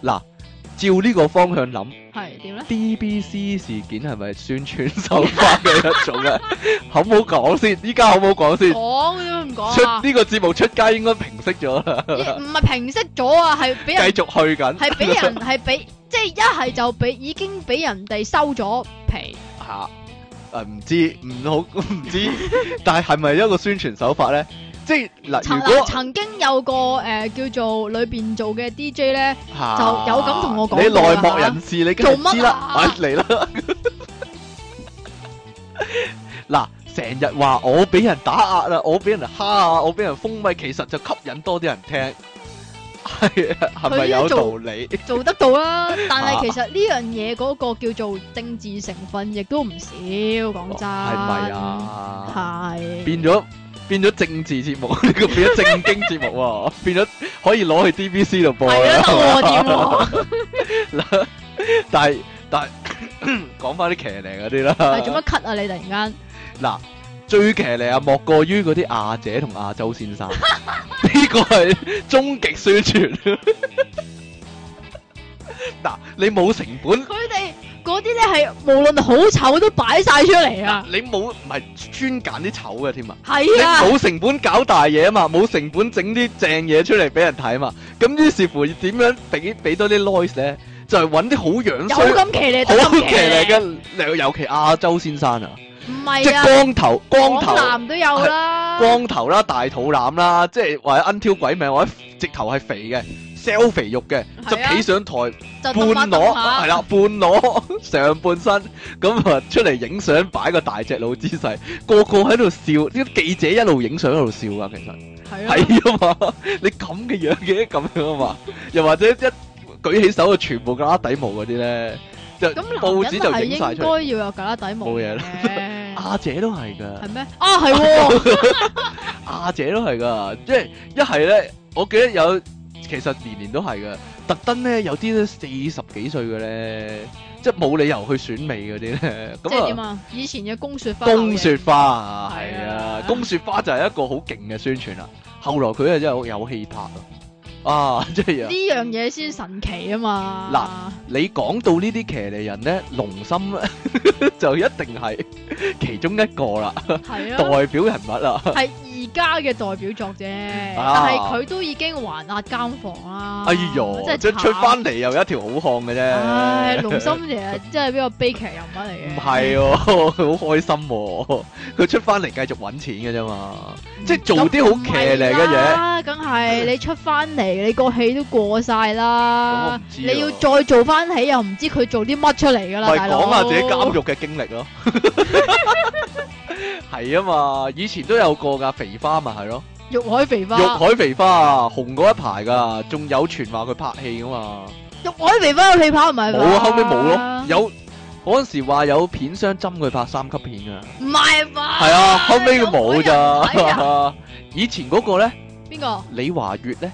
嗱。照呢個方向諗係點咧？DBC 事件係咪宣傳手法嘅一種咧、啊？好唔好講先？依家好唔好講先？講都唔講啊！呢個節目出街應該平息咗啦。 唔係平息咗啊，係俾人繼續去緊，係俾 人係俾即係一係就俾、是、已經俾人哋收咗皮嚇。誒唔、 啊呃、知唔好唔 知，但係係咪一個宣傳手法咧？即係嗱，曾曾經有個誒叫做裏邊做嘅 DJ 咧，就有咁同我講，你內幕人士，你梗係知啦，嚟啦！嗱，成日話我俾人打壓啦，我俾人蝦啊，我俾人封咪，其實就吸引多啲人聽，係係咪有道理？做得到啦！但係其實呢樣嘢，嗰個叫做政治成分，亦都唔少。講真，係咪啊？係變咗。變咗政治節目，呢個變咗正經節目啊！變咗可以攞去 DBC 度播啦。係啊，播節目。嗱，但係但係講翻啲騎呢嗰啲啦。係做乜咳啊？你突然間嗱，最騎呢啊，莫過於嗰啲亞姐同亞洲先生。呢個係終極宣傳。嗱，你冇成本。佢哋。嗰啲咧係無論好醜都擺晒出嚟啊！你冇唔係專揀啲醜嘅添啊？係啊！冇成本搞大嘢啊嘛，冇成本整啲正嘢出嚟俾人睇啊嘛。咁於是乎點樣俾俾多啲 noise 咧？就係揾啲好樣衰、奇奇好奇離嘅，尤其亞洲先生啊，唔係即光頭、光頭男都有啦，光頭啦、大肚腩啦，即係或者挑鬼命或者直頭係肥嘅。sell 肥肉嘅就企上台半裸，係啦，半裸上半身咁啊，出嚟影相，擺個大隻佬姿勢，個個喺度笑，啲記者一路影相一路笑噶其實係啊嘛，你咁嘅樣嘅咁樣啊嘛，又或者一舉起手啊，全部胳肋底毛嗰啲咧，就報紙就影晒出。咁男人係應該要有胳肋底毛嘅。冇嘢啦。阿姐都係噶。係咩？啊係，阿姐都係噶，即係一係咧，我記得有。其實年年都係嘅，特登咧有啲咧四十幾歲嘅咧，即係冇理由去選美嗰啲咧。咁即係點啊，以前嘅公、公雪花，公雪花係啊，啊公雪花就係一個好勁嘅宣傳啦。後來佢咧真係好有氣魄啊！啊，即係呢樣嘢先神奇啊嘛！嗱，你講到呢啲騎呢人咧，龍心 就一定係其中一個啦，係啊， 代表人物啦。家嘅代表作啫，但係佢都已經還押監房啦。哎喲，即係出翻嚟又一條好漢嘅啫。唉，龍心爺真係一個悲劇人物嚟嘅。唔係哦，佢好開心，佢出翻嚟繼續搵錢嘅啫嘛，即係做啲好騎呢嘅嘢。梗係你出翻嚟，你個戲都過晒啦，你要再做翻起又唔知佢做啲乜出嚟噶啦。大講下自己監獄嘅經歷咯。係啊嘛，以前都有過噶，肥花咪係咯，玉海肥花，玉海肥花啊，紅嗰一排噶，仲有傳話佢拍戲噶嘛，玉海肥花有戲拍唔係？冇啊，後尾冇咯，有嗰陣時話有片商針佢拍三級片噶，唔係嘛？係啊，後尾佢冇咋，以前嗰個咧，邊個？李華月咧？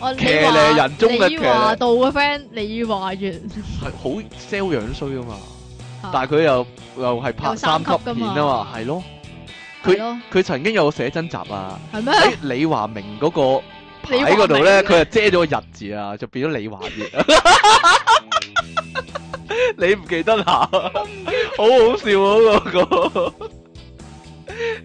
哦，騎呢人中嘅華道嘅 friend 李華月，係好 sell 樣衰啊嘛。但係佢又又係拍三級片啊嘛，係咯，佢佢他咯曾經有寫真集啊，喺嗎李華明嗰個牌嗰度咧，佢、啊、就遮咗日字啊，就變咗李華月。 你唔記得啦， 好好笑啊嗰、那個。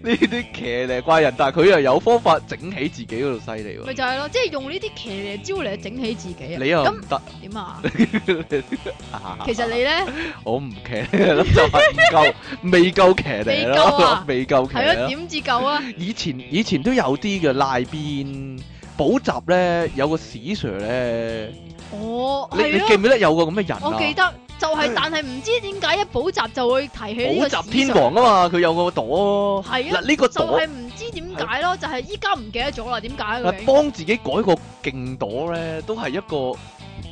呢啲騎呢怪人，但係佢又有方法整起自己嗰度犀利喎。咪就係咯，即係用呢啲騎呢招嚟整起自己。你又咁唔得點啊？ 其實你咧，我唔騎就係唔夠，未夠騎呢。未夠啊！ 未夠係咯，點至夠啊？ 夠 以前以前都有啲嘅拉邊補習咧，有個史 Sir 咧。哦，你、uh, 你記唔記得有個咁嘅人、啊、我記得。就係、是，但係唔知點解一補習就會提起補習天王啊嘛，佢有個朵，嗱呢、啊啊這個就係唔知點解咯，啊、就係依家唔記得咗啦，點解、啊？幫、啊、自己改個勁朵咧，都係一個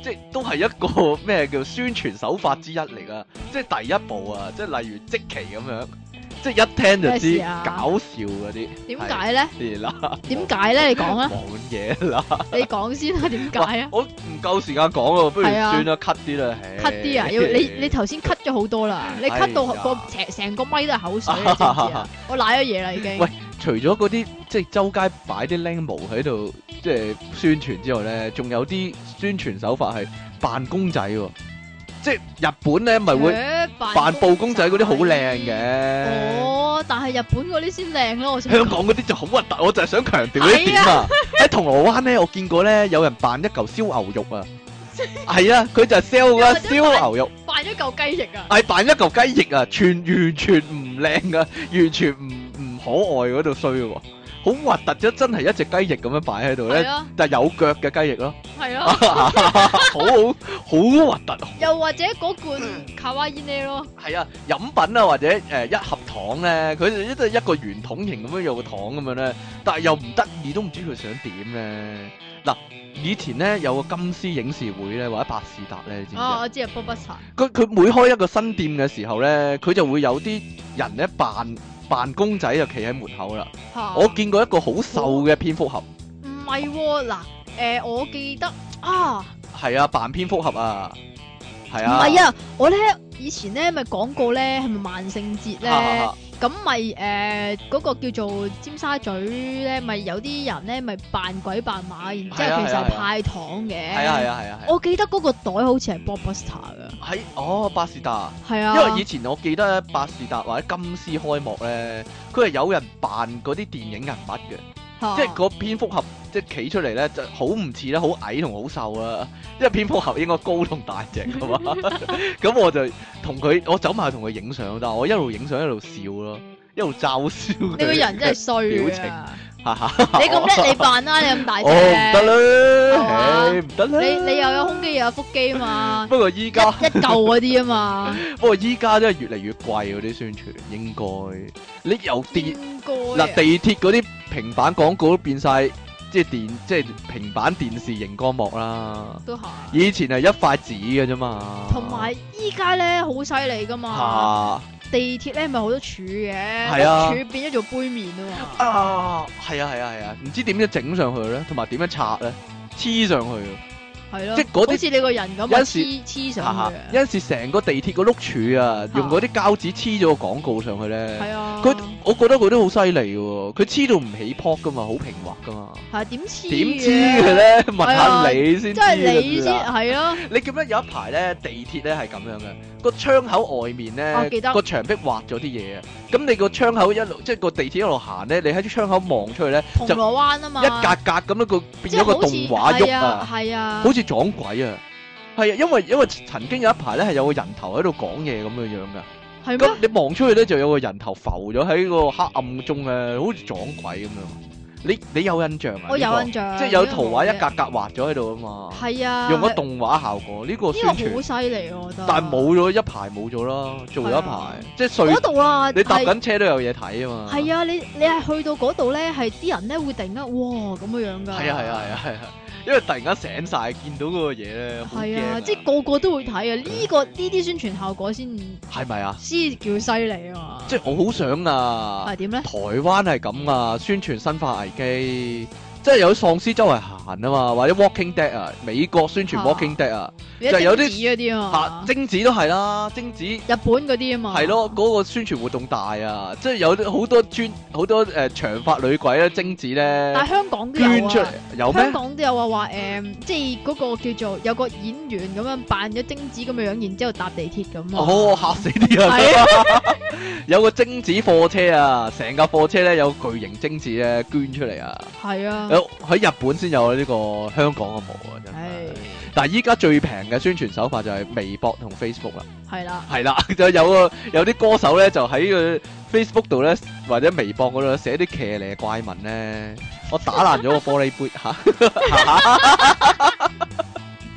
即係都係一個咩叫宣傳手法之一嚟噶，即係第一步啊，即係例如積淇咁樣。即係一聽就知搞笑嗰啲，點解咧？點解咧？你講啦。講嘢啦！你講先啦，點解啊？我唔夠時間講喎，不如算啦，cut 啲啦，cut 啲啊！要你你頭先 cut 咗好多啦，你 cut 到個成成個咪都係口水，我瀨咗嘢啦已經。喂，除咗嗰啲即係周街擺啲靚模喺度即係宣傳之外咧，仲有啲宣傳手法係扮公仔喎。即係日本咧，咪會扮布公仔嗰啲好靚嘅。哦，但係日本嗰啲先靚咯。我想香港嗰啲就好核突，我就係想強調一點啊！喺銅鑼灣咧，我見過咧有人扮一嚿燒牛肉啊，係啊，佢就係 sell 個燒牛肉，扮一嚿雞翼啊，係扮一嚿雞翼啊，全完全唔靚噶，完全唔唔可愛，嗰度衰喎。好核突咗，真係一隻雞翼咁樣擺喺度咧。係啊，但係有腳嘅雞翼咯。係啊， 好好好核突。又或者嗰罐卡哇伊呢？ いい咯，係啊，飲品啊，或者誒、呃、一盒糖咧，佢一都係一個圓筒形咁樣有個糖咁樣咧，但係又唔得意都唔知佢想點咧。嗱、啊，以前咧有個金獅影視會咧或者百事達咧，你知唔知？哦、啊，我知係，波不神。佢佢每開一個新店嘅時候咧，佢就會有啲人咧扮。扮公仔就企喺門口啦，吓，我見過一個好瘦嘅蝙蝠俠，唔係嗱，誒、哦呃，我記得啊，係啊，扮蝙蝠俠啊，係啊，唔係啊，我咧以前咧咪講過咧，係咪萬聖節咧？哈哈哈哈咁咪誒嗰個叫做尖沙咀咧，咪有啲人咧咪扮鬼扮馬，然之後其實派糖嘅。係啊係啊係啊！我記得嗰個袋好似係 Blockbuster 噶。係哦，百事達。係啊。因為以前我記得百事達或者金獅開幕咧，佢係有人扮嗰啲電影人物嘅。即係嗰蝙蝠俠即係企出嚟咧，就好唔似咧，好矮同好瘦啊！因為蝙蝠俠應該高同大隻㗎嘛，咁 是吧 我就同佢，我走埋去同佢影相，但係我一路影相一路笑咯，一路嘲笑佢。呢個人真係衰，表情。 你咁叻你辦啦、啊，你咁大隻，唔得咧，唔得咧。你你又有胸肌又有腹肌嘛。不過依家一嚿嗰啲啊嘛。不過依家真係越嚟越貴嗰啲宣傳，應該。你有電嗱地鐵嗰啲平板廣告都變晒，即係電即係平板電視熒光幕啦。都以前係一塊紙嘅啫嘛。同埋依家咧好犀利噶嘛。地鐵咧咪好多柱嘅，柱變咗做杯麵啊嘛！啊，係啊係啊係啊，唔、啊啊啊啊、知點樣整上去咧，同埋點樣拆咧？黐上去，係咯、啊，即係好似你個人咁黐黐上去。有陣、啊、時成個地鐵個碌柱啊，用嗰啲膠紙黐咗個廣告上去咧。係啊。我覺得佢都好犀利嘅喎，佢黐到唔起泡噶嘛，好平滑噶嘛。係點黐？點知嘅咧？問下你先即係你先係啊， 你記唔記得有一排咧地鐵咧係咁樣嘅，個窗口外面咧個牆壁畫咗啲嘢啊。咁你個窗口一路即係個地鐵一路行咧，你喺啲窗口望出去咧，就銅鑼灣啊嘛。一格格咁樣個變咗個動畫喐啊，係啊，啊好似撞鬼啊。係啊，因為因為,因為曾經有一排咧係有個人頭喺度講嘢咁嘅樣㗎。咁你望出去咧，就有個人頭浮咗喺個黑暗中啊，好似撞鬼咁樣。你你有印象嗎？我有印象，這個、即係有圖畫一格格畫咗喺度啊嘛。係啊，用咗動畫效果呢是個宣傳。好犀利，我覺得。但係冇咗一排冇咗啦，做咗一排，啊、即係隧。嗰度啦，你搭緊車都有嘢睇啊嘛。係啊，你你係去到嗰度咧，係啲人咧會突然間，哇咁嘅樣㗎。係啊係啊係啊係啊！因為突然間醒晒，見到嗰個嘢咧，係啊，啊即係個個都會睇啊！呢、嗯呢個呢啲宣傳效果先係咪啊？先叫犀利啊嘛！即係我好想啊！係點咧？台灣係咁啊！宣傳生化危機。即係有啲喪屍周圍行啊嘛，或者 Walking Dead 啊，美國宣傳 Walking Dead 啊，就係有啲嚇貞子都係啦，貞子日本嗰啲啊嘛，係咯，嗰個宣傳活動大啊，即係有好多專好多誒長髮女鬼咧，貞子咧，但係香港捐出嚟有咩？香港都有話話誒，即係嗰個叫做有個演員咁樣扮咗貞子咁樣，然之後搭地鐵咁啊！嚇死啲啊！有個貞子貨車啊，成架貨車咧有巨型貞子咧捐出嚟啊！係啊！喺日本先有呢個香港嘅模啊，真係的。但係依家最平嘅宣傳手法就係微博同 Facebook 啦。係啦的，係啦，有個有啲歌手咧就喺個 Facebook 度咧或者微博嗰度寫啲騎呢怪聞咧，我打爛咗個玻璃杯吓。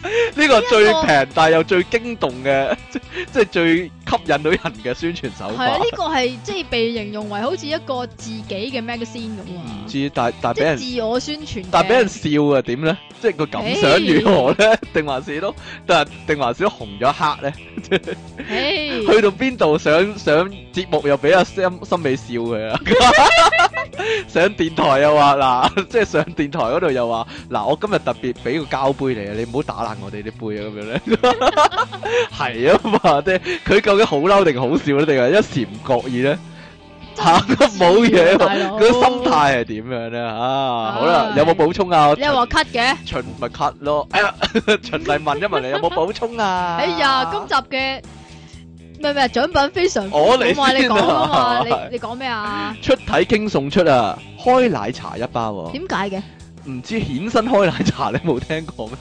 呢個最平，但又最驚動嘅，即即係最吸引到人嘅宣傳手法。係呢個係即係被形容為好似一個自己嘅 magazine 咁啊。即係但但俾人自我宣傳。但俾人笑啊？點咧？即係個感想如何咧？定還是咯？但係定還是紅咗黑咧？去到邊度上上節目又俾阿森森美笑佢啊？上電台又話嗱，即係上電台嗰度又話嗱，我今日特別俾個膠杯嚟啊！你唔好打爛。我哋啲杯啊，咁樣咧，係啊嘛，即係佢究竟好嬲定好笑咧，定係一時唔覺意咧，拍冇嘢，佢心態係點樣咧啊？好啦，有冇補充啊？你話 cut 嘅循咪 cut 咯，循例問一問你有冇補充啊？哎呀，今集嘅咩咩獎品非常我嚟先啊嘛，你你講咩啊？出體 King 送出啊，開奶茶一包，點解嘅？唔知顯身開奶茶你冇聽過咩？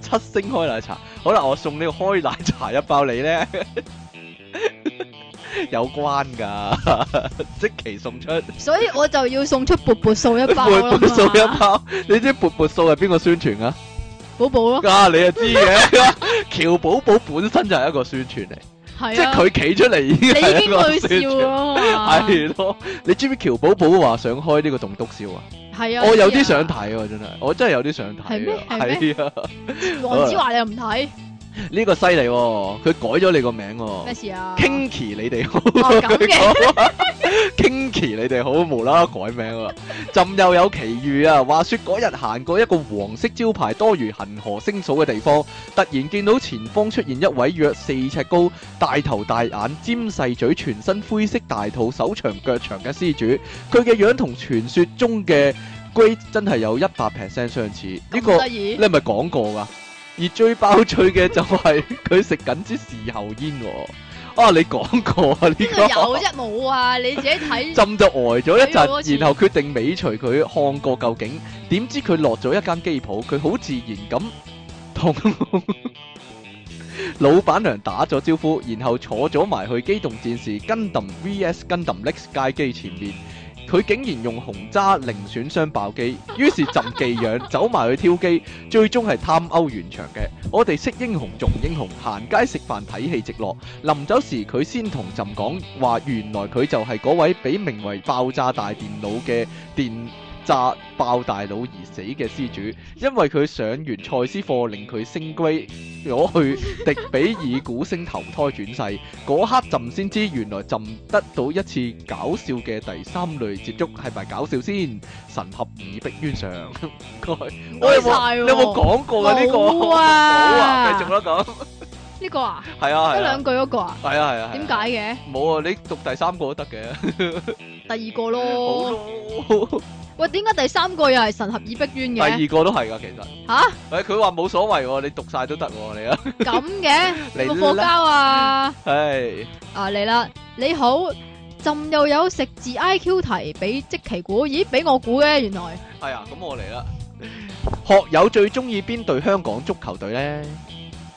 七星開奶茶。好啦，我送呢你個開奶茶一包你咧， 有關噶的， 即期送出，所以我就要送出勃勃數一包咯。勃勃數一包，你知勃勃數係邊個宣傳啊？寶寶咯，啊，你又知嘅？喬寶寶本身就係一個宣傳嚟，啊、即係佢企出嚟已經係一個宣傳。係 咯，你知唔知喬寶寶話想開呢個棟篤笑啊？係啊，我有啲想睇啊，真係，我真係有啲想睇。係咩？係啊！是啊 黃子華你又唔睇？ 呢個犀利喎，佢改咗你個名喎，哦。咩事啊？Kinky，你哋好。哦，咁 Kinky，你哋好無啦啦改名啊！ 朕又有奇遇啊！話説嗰日行過一個黃色招牌多如恆河星數嘅地方，突然見到前方出現一位約四尺高、大頭大眼、尖細嘴、全身灰色、大肚、手長腳長嘅施主。佢嘅樣同傳説中嘅龜真係有一百 percent 相似。呢個，咁得意，你係咪講過㗎？而最爆脆嘅就係佢食緊支時候煙喎。啊，你講過啊，呢個有啫冇啊，你自己睇。針就呆咗一陣，然後決定尾隨佢看過究竟，點知佢落咗一間機鋪，佢好自然咁同老闆娘打咗招呼，然後坐咗埋去機動戰士 Gundam VS Gundam Next 街機前面。佢竟然用紅渣零損傷爆機，於是朕寄養走埋去挑機，最終係 time out 完場嘅。我哋識英雄重英雄，行街食飯睇戲直落。臨走時佢先同朕講話，原來佢就係嗰位俾名為爆炸大電腦嘅電炸爆大佬而死嘅施主，因為佢上完賽斯課，令佢升歸攞去迪比爾古星投胎轉世。嗰 刻朕先知，原來朕得到一次搞笑嘅第三類接觸，係咪搞笑先？神合以逼冤相， 煩我有冇？你有冇講過啊？呢、這個好啊！繼續啦咁。 呢個啊？係啊，一兩句嗰個啊？係啊，係啊。點解嘅？冇啊，你讀第三個都得嘅。第二個咯。好咯。喂，點解第三個又係神合以逼冤嘅？第二個都係噶，其實。吓？誒，佢話冇所謂，你讀晒都得，你啊。咁嘅？冇課交啊。係。啊，嚟啦！你好，朕又有食字 IQ 題俾積淇估，咦？俾我估嘅，原來。係啊，咁我嚟啦。學友最中意邊隊香港足球隊咧？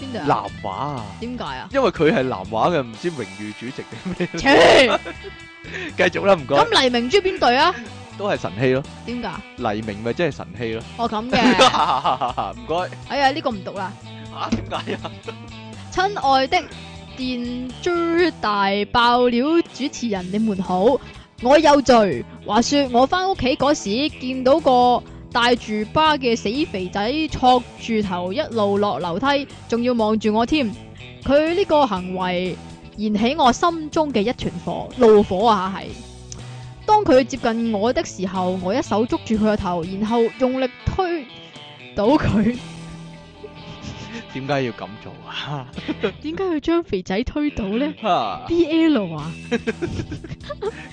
邊隊？南華啊？點解啊？為啊因為佢係南華嘅，唔知榮譽主席定咩？繼 續啦，唔該。咁 黎明珠邊隊啊？都係晨曦咯。點解？黎明咪即係晨曦咯。哦，咁嘅。唔該 煩。哎呀，呢，這個唔讀啦。啊？點解啊？親 愛的電珠大爆料主持人，你們好，我有罪。話說我翻屋企嗰時見到個。帶住巴嘅死肥仔，挫住頭一路落樓梯，仲要望住我添。佢呢個行為燃起我心中嘅一團火，怒火啊！係當佢接近我的時候，我一手捉住佢個頭，然後用力推倒佢。點解要咁做啊？點解要將肥仔推倒咧 ？BL 啊，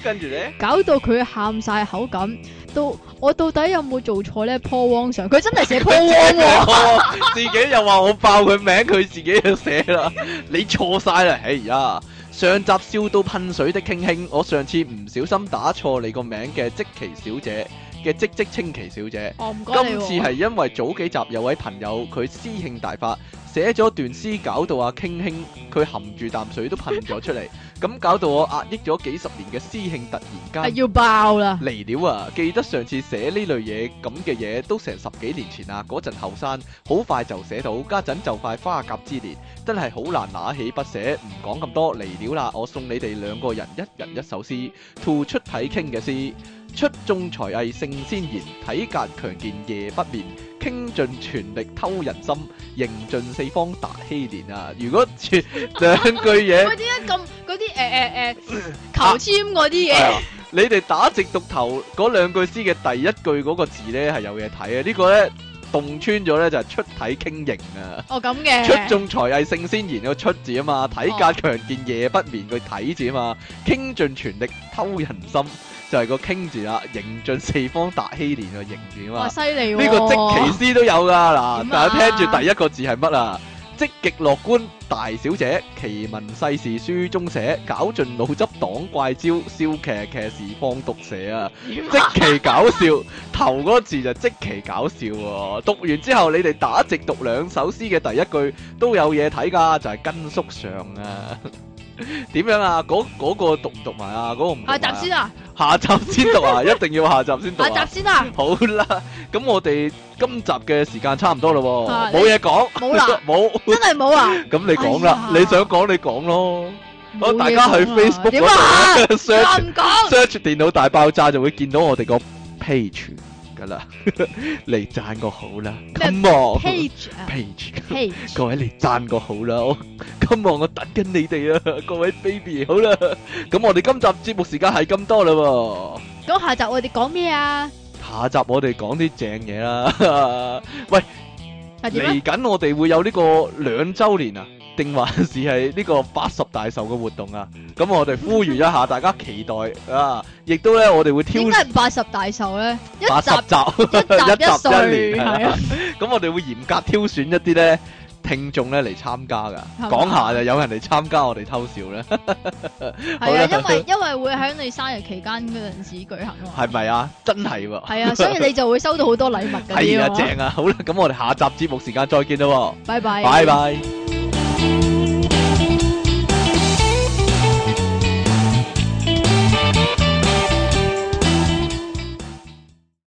跟住咧，搞到佢喊晒口感到我到底有冇做錯咧？破汪上，佢真係寫破汪喎。哦、 自己又話我爆佢名，佢自己都寫啦。 你錯晒啦！哎呀，上集燒到噴水的卿卿，我上次唔小心打錯你個名嘅積淇小姐。嘅積淇稱奇小姐，今次係因為早幾集有位朋友佢詩興大發，寫咗段詩，搞到阿 King King 佢含住啖水都噴咗出嚟，咁搞到我壓抑咗幾十年嘅詩興突然間要爆啦！離了啊！記得上次寫呢類嘢咁嘅嘢都成十幾年前啦，嗰陣後生好快就寫到，家陣就快花甲之年，真係好難拿起筆寫。唔講咁多離了啦，我送你哋兩個人一人一首詩，To 出體 King 嘅詩。出眾才藝勝先賢，體格強健夜不眠，傾盡全力偷人心，迎盡四方達欺年啊！如果兩句嘢，點解咁嗰啲誒誒誒求簽嗰啲嘢？你哋打直讀頭嗰兩句詩嘅第一句嗰個字咧係有嘢睇、這個、啊！呢個咧洞穿咗咧就係出體傾形啊！哦，咁嘅。出眾才藝勝先賢個出字啊嘛，體格強健夜不眠個體字啊嘛，傾盡、哦哦、全力偷人心。就係個傾字進、哦、個啊，迎進四方達希連嘅迎字哇，犀利喎！呢個積奇詩都有噶。嗱，大家聽住第一個字係乜啊？積極樂觀大小姐，奇聞世事書中寫，搞盡腦汁擋怪招，笑騎騎士放毒蛇啊！積奇搞笑， 頭嗰個字就積奇搞笑喎、哦。讀完之後，你哋打直讀兩首詩嘅第一句都有嘢睇噶，就係、是、根叔上啊。點樣啊？嗰嗰個讀唔讀埋啊？嗰個唔讀下集先啊，下集先讀啊，一定要下集先讀下集先啊！好啦，咁我哋今集嘅時間差唔多啦，冇嘢講，冇啦，冇，真係冇啊。咁你講啦，你想講你講咯，我大家去 Facebook 嗰度 search，search 電腦大爆炸就會見到我哋個 page。係啦，嚟讚個好啦！今望 page，各位嚟讚個好啦！我今望我等緊你哋啊，各位 baby，好啦，咁我哋今集節目時間係咁多啦，咁下集我哋講咩啊？下集我哋講啲正嘢啦，喂，嚟緊我哋會有呢個兩周年啊！定還是係呢個八十大壽嘅活動啊！咁我哋呼籲一下，大家期待啊！亦都咧，我哋會挑。點解八十大壽咧？一集集，一集一歲。咁我哋會嚴格挑選一啲咧聽眾咧嚟參加噶。講下就有人嚟參加我哋偷笑啦。係啊，因為因為會喺你生日期間嗰陣時舉行啊嘛。係咪啊？真係喎。係啊，所以你就會收到好多禮物噶。係啊，正啊！好啦，咁我哋下集節目時間再見啦。拜拜，拜拜。